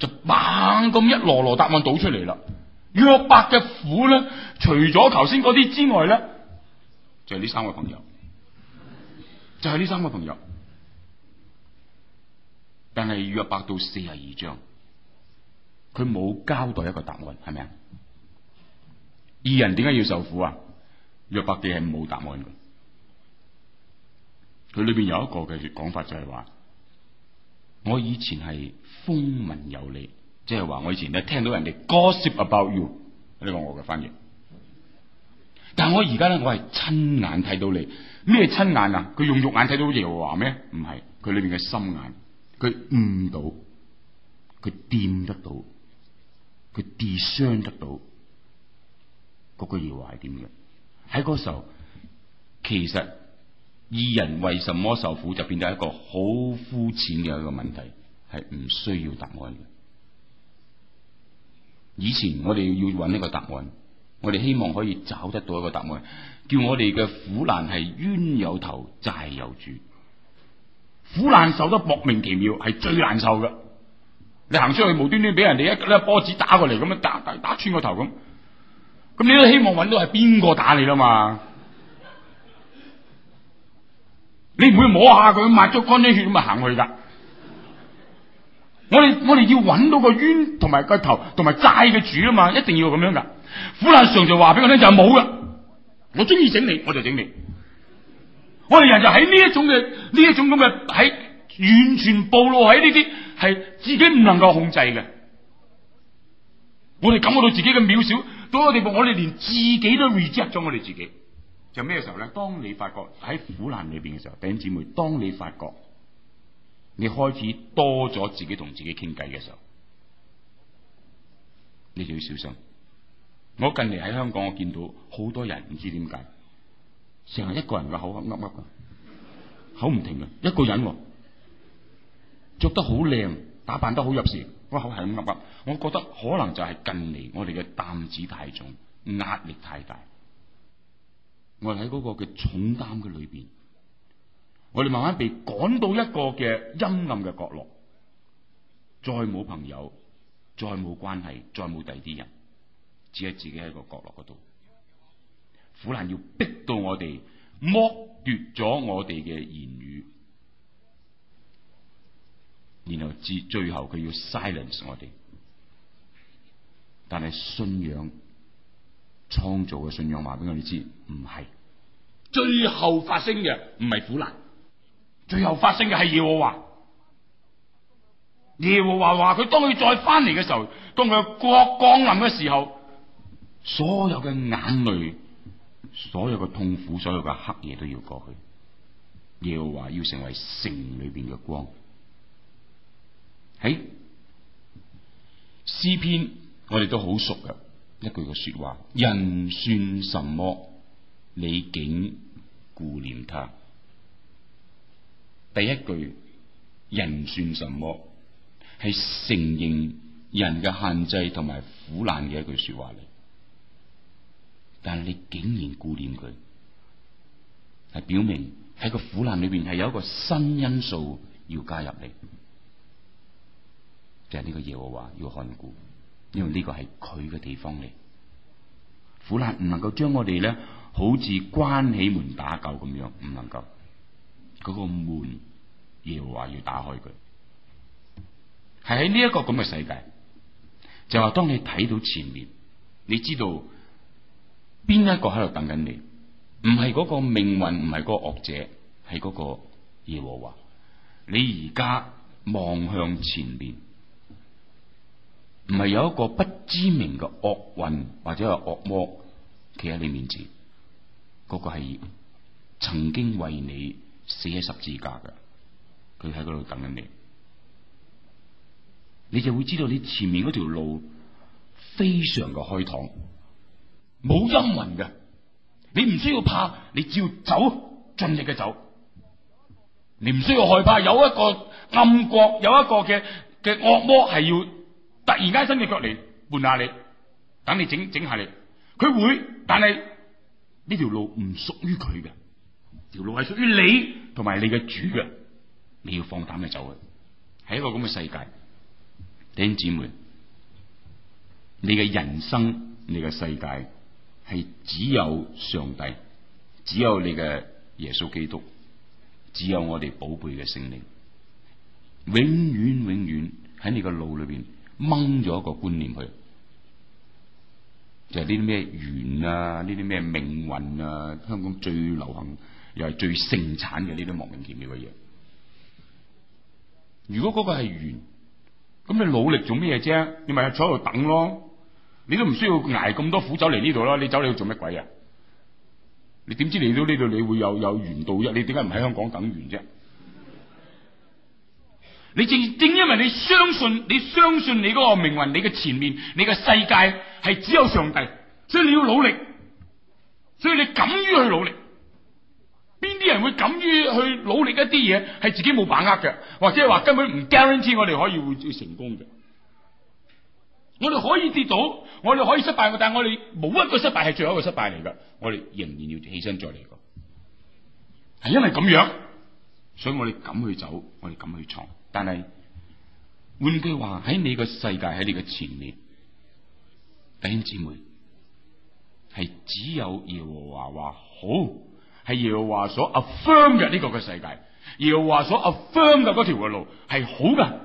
就猛咁一籮籮答案倒出嚟啦！約伯嘅苦咧，除咗頭先嗰啲之外咧，就係呢三位朋友，就係呢三個朋友。但係約伯到四十二章，佢冇交代一個答案，係咪啊？二人點解要受苦啊？約伯嘅係冇答案嘅，佢裏邊有一個嘅講法就係話，我以前係。風聞有你，即係話我以前咧聽到人哋 gossip about you，呢個我嘅翻譯。但係我而家咧，我係親眼睇到你咩？親眼啊？佢用肉眼睇到耶和華咩？唔係，佢裏面嘅心眼，佢悟到，佢掂得到，佢跌傷得到，嗰個耶和華係點嘅？喺嗰時候，其實義人為什麼受苦就變咗一個好膚淺嘅一個問題。係唔需要答案嘅。以前我哋要揾一個答案，我哋希望可以找得到一個答案，叫我哋嘅苦難係冤有頭債有主。苦難受得莫名其妙係最難受㗎。你行出去無端端俾人哋一粒波子打過嚟咁樣打打穿個頭咁，咁你都希望揾到係邊個打你啦嘛？你唔會摸下佢抹咗乾淨血咁啊行去噶。我哋我哋要揾到個冤同埋個頭同埋債嘅主啊嘛，一定要咁樣噶。苦難上就話俾我聽就係冇啦，我中意整你我就整你。 我哋人就喺呢一種嘅呢一種咁嘅喺完全暴露喺呢啲係自己唔能夠控制嘅。我哋感覺到自己嘅渺小，到個地步我哋連自己都 reject 咗我哋自己。就咩時候咧？當你發覺喺苦難裏邊嘅時候，弟兄姊妹，當你發覺。你開始多咗自己同自己傾偈嘅時候，你就要小心。我近年喺香港，我見到好多人唔知點解，成日一個人個口噏噏嘅，口唔停呀，一個人、啊、着得好靚，打扮得好入時，個口係咁噏噏。我覺得可能就係近嚟我哋嘅擔子太重，壓力太大，我哋喺嗰個嘅重擔嘅裏邊。我哋慢慢被趕到一個嘅陰暗嘅角落，再冇朋友，再冇關係，再冇第二啲人，只係自己喺個角落嗰度，苦難要逼到我哋，剝奪咗我哋嘅言語，然後至最後佢要 silence 我哋，但係信仰創造嘅信仰話俾我哋知，唔係最後發生嘅唔係苦難。最後發生嘅係耶和華，耶和華話佢當佢再翻嚟嘅時候，當佢國降臨嘅時候，所有嘅眼淚、所有嘅痛苦、所有嘅黑夜都要過去。耶和華要成為城裏邊嘅光。喺、hey，詩篇我們，我哋都好熟嘅一句嘅說話：人算什麼？你竟顧念他。第一句，人算什麼，係承認人嘅限制同埋苦難嘅一句說話嚟。但係你竟然顧念佢，係表明喺個苦難裏邊係有一個新因素要加入嚟，就係、是、呢個耶和華要看顧，因為呢個係佢嘅地方嚟。苦難唔能夠將我哋咧，好似關起門打狗咁樣，唔能夠。嗰、那個門耶和華要打開佢，係喺呢一個咁嘅世界，就話、是、當你睇到前面，你知道邊一個喺度等緊你，唔係嗰個命運，唔係嗰個惡者，係嗰個耶和華。你而家望向前面，唔係有一個不知名嘅惡運或者係惡魔企喺你面前，嗰、那個係曾經為你。死喺十字架嘅，佢喺度等緊你，你就會知道你前面嗰條路非常嘅開闊，冇陰魂嘅，你唔需要怕，你只要走，盡力嘅走，你唔需要害怕有一個暗角，有一個嘅嘅惡魔係要突然間伸隻腳嚟絆下你，等你整整下你，佢會，但係呢條路唔屬於佢嘅。條路係屬於你同埋你嘅主嘅，你要放膽嘅走啊！係一個咁嘅世界，弟兄姊妹，你嘅人生、你嘅世界係只有上帝，只有你嘅耶穌基督，只有我哋寶貝嘅聖靈，永遠永遠喺你個腦裏邊掹咗一個觀念去，就係呢啲咩緣啊，呢啲咩命運啊，香港最流行。又係最盛產嘅呢啲莫名其妙嘅嘢。如果嗰個係緣，咁你努力做咩啫？你咪坐喺度等咯。你都唔需要挨咁多苦走嚟呢度啦。你走嚟做乜鬼啊？你點知嚟到呢度你會有有緣到一？你點解唔喺香港等緣啫？ 你正正因為你相信，你相信你個命運，你嘅前面，你嘅世界係只有上帝，所以你要努力，所以你敢於去努力。邊啲人會敢於去努力一啲嘢，係自己冇把握嘅，或者係話根本唔 guarantee 我哋可以會成功嘅。我哋可以跌倒，我哋可以失敗，但係我哋冇一個失敗係最後一個失敗嚟噶。我哋仍然要起身再嚟過，係因為咁樣，所以我哋敢去走，我哋敢去闖。但係換句話，喺你個世界，喺你嘅前面，弟兄姊妹，係只有耶和華話好。係耶和華所 affirm 嘅呢個嘅世界，耶和華所 affirm 嘅嗰條嘅路係好嘅，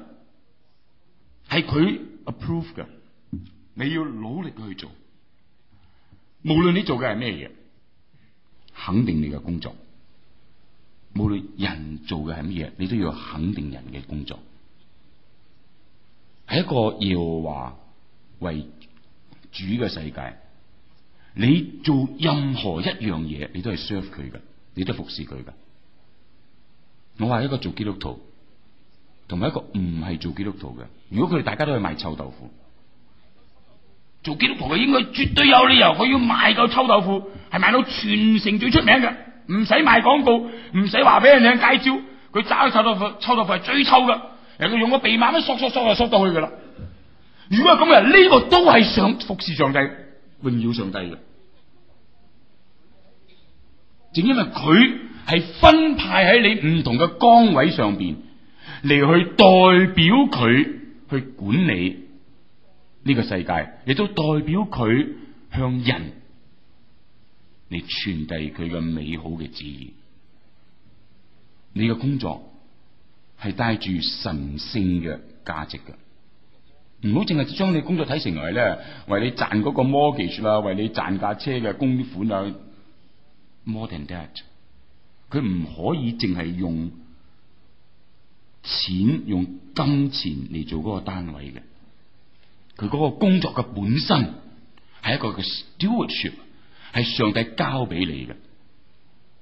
係佢 approve 嘅。你要努力去做，無論你做嘅係咩嘢，肯定你嘅工作。無論人做嘅係乜嘢，你都要肯定人嘅工作。係一個耶和華為主嘅世界。你做任何一樣嘢，你都係 serve 佢噶，你都服侍佢噶。我話一個做基督徒，同埋一個唔係做基督徒嘅，如果佢哋大家都係賣臭豆腐，做基督徒嘅應該絕對有理由，佢要賣個臭豆腐係賣到全城最出名嘅，唔使賣廣告，唔使話俾人聽介紹。佢炸嘅臭豆腐，臭豆腐係最臭嘅，人佢用個鼻猛咪索索索就索到去噶啦。如果係咁啊，呢個都係想服侍上帝，榮耀上帝嘅。.正因為佢係分派喺你唔同嘅崗位上邊，嚟去代表佢去管理呢個世界，亦都代表佢向人嚟傳遞佢嘅美好嘅旨意。你嘅工作係帶住神聖嘅價值嘅，唔好淨係將你的工作睇成為咧為你賺嗰個 mortgage 啦，為你賺架車嘅供款啊。more than that，佢唔可以淨係用錢、用金錢嚟做嗰個單位嘅。佢嗰個工作嘅本身係一個嘅 stewardship，係上帝交俾你嘅。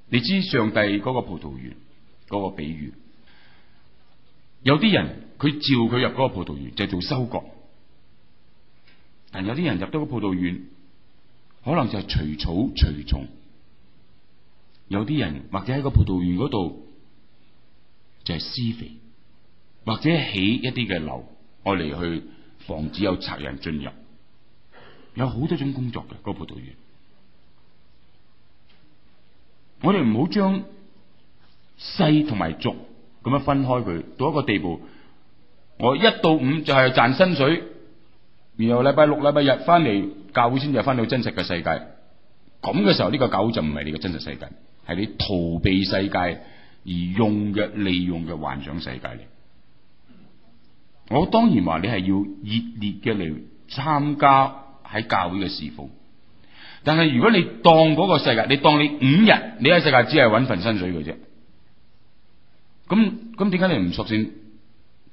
你知上帝嗰個葡萄園嗰、嗰個比喻，有啲人佢召佢入嗰個葡萄園就係、做收割，但有啲人入到嗰個葡萄園，可能就係除草除蟲。有啲人或者喺個葡萄園嗰度，就係、是、施肥，或者起一啲嘅樓，用嚟，去防止有賊人進入。有好多種工作嘅，那個葡萄園。我哋唔好將細同埋俗咁樣分開佢，到一個地步，我一到五就係賺薪水，然後禮拜六、禮拜日翻嚟教會先至翻到真實嘅世界。咁嘅時候，呢個教會就唔係你嘅真實世界。係你逃避世界而用嘅，利用嘅幻想世界嚟。我當然話你係要熱烈嘅嚟參加喺教會嘅侍奉，但係如果你當嗰個世界，你當你五日你喺世界只係揾份薪水嘅啫。咁咁點解你唔索性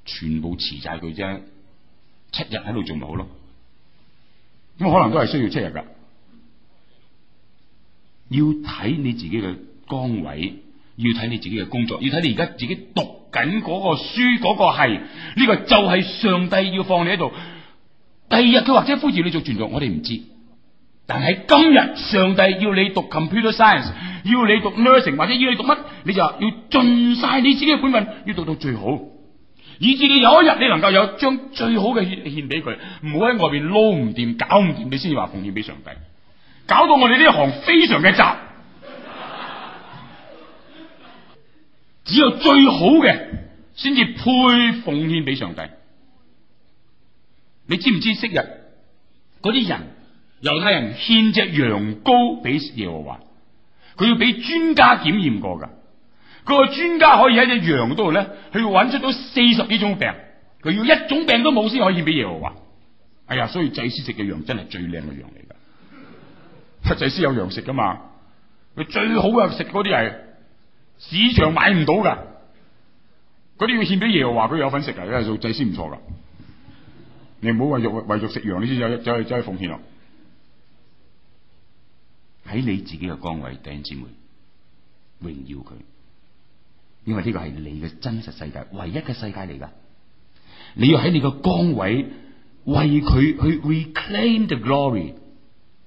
全部辭晒佢啫？七日喺度做咪好咯？咁可能都係需要七日噶。要睇你自己嘅崗位，要睇你自己嘅工作，要睇你而家自己讀緊嗰個書嗰個係，呢個就係上帝要放你喺度。第二日佢或者呼召你做傳道，我哋唔知。但係今日上帝要你讀 computer science，要你讀 nursing，或者要你讀乜，你就話要盡晒你自己嘅本分，要讀到最好，以至你有一日你能夠有將最好嘅獻俾佢，唔好喺外邊撈唔掂、搞唔掂，你先至話奉獻俾上帝。搞到我哋呢一行非常嘅窄，只有最好嘅先至配奉獻俾上帝。你知唔知昔日嗰啲人，猶太人獻隻羊羔俾耶和華，佢要俾專家檢驗過噶。個專家可以喺隻羊度咧，去揾出到四十幾種病，佢要一種病都冇先可以俾耶和華。哎呀，所以祭司食嘅羊真係最靚嘅羊嚟。祭司有羊食噶嘛？佢最好啊，食嗰啲係市場買唔到噶，嗰啲要獻俾耶和華，佢有份食啊！因為做祭司唔錯噶，你唔好為肉為肉食羊，你先走走去走去奉獻咯。喺你自己嘅崗位，弟兄姊妹，榮耀佢，因為呢個係你嘅真實世界，唯一嘅世界嚟噶。你要喺你嘅崗位為佢去 reclaim the glory。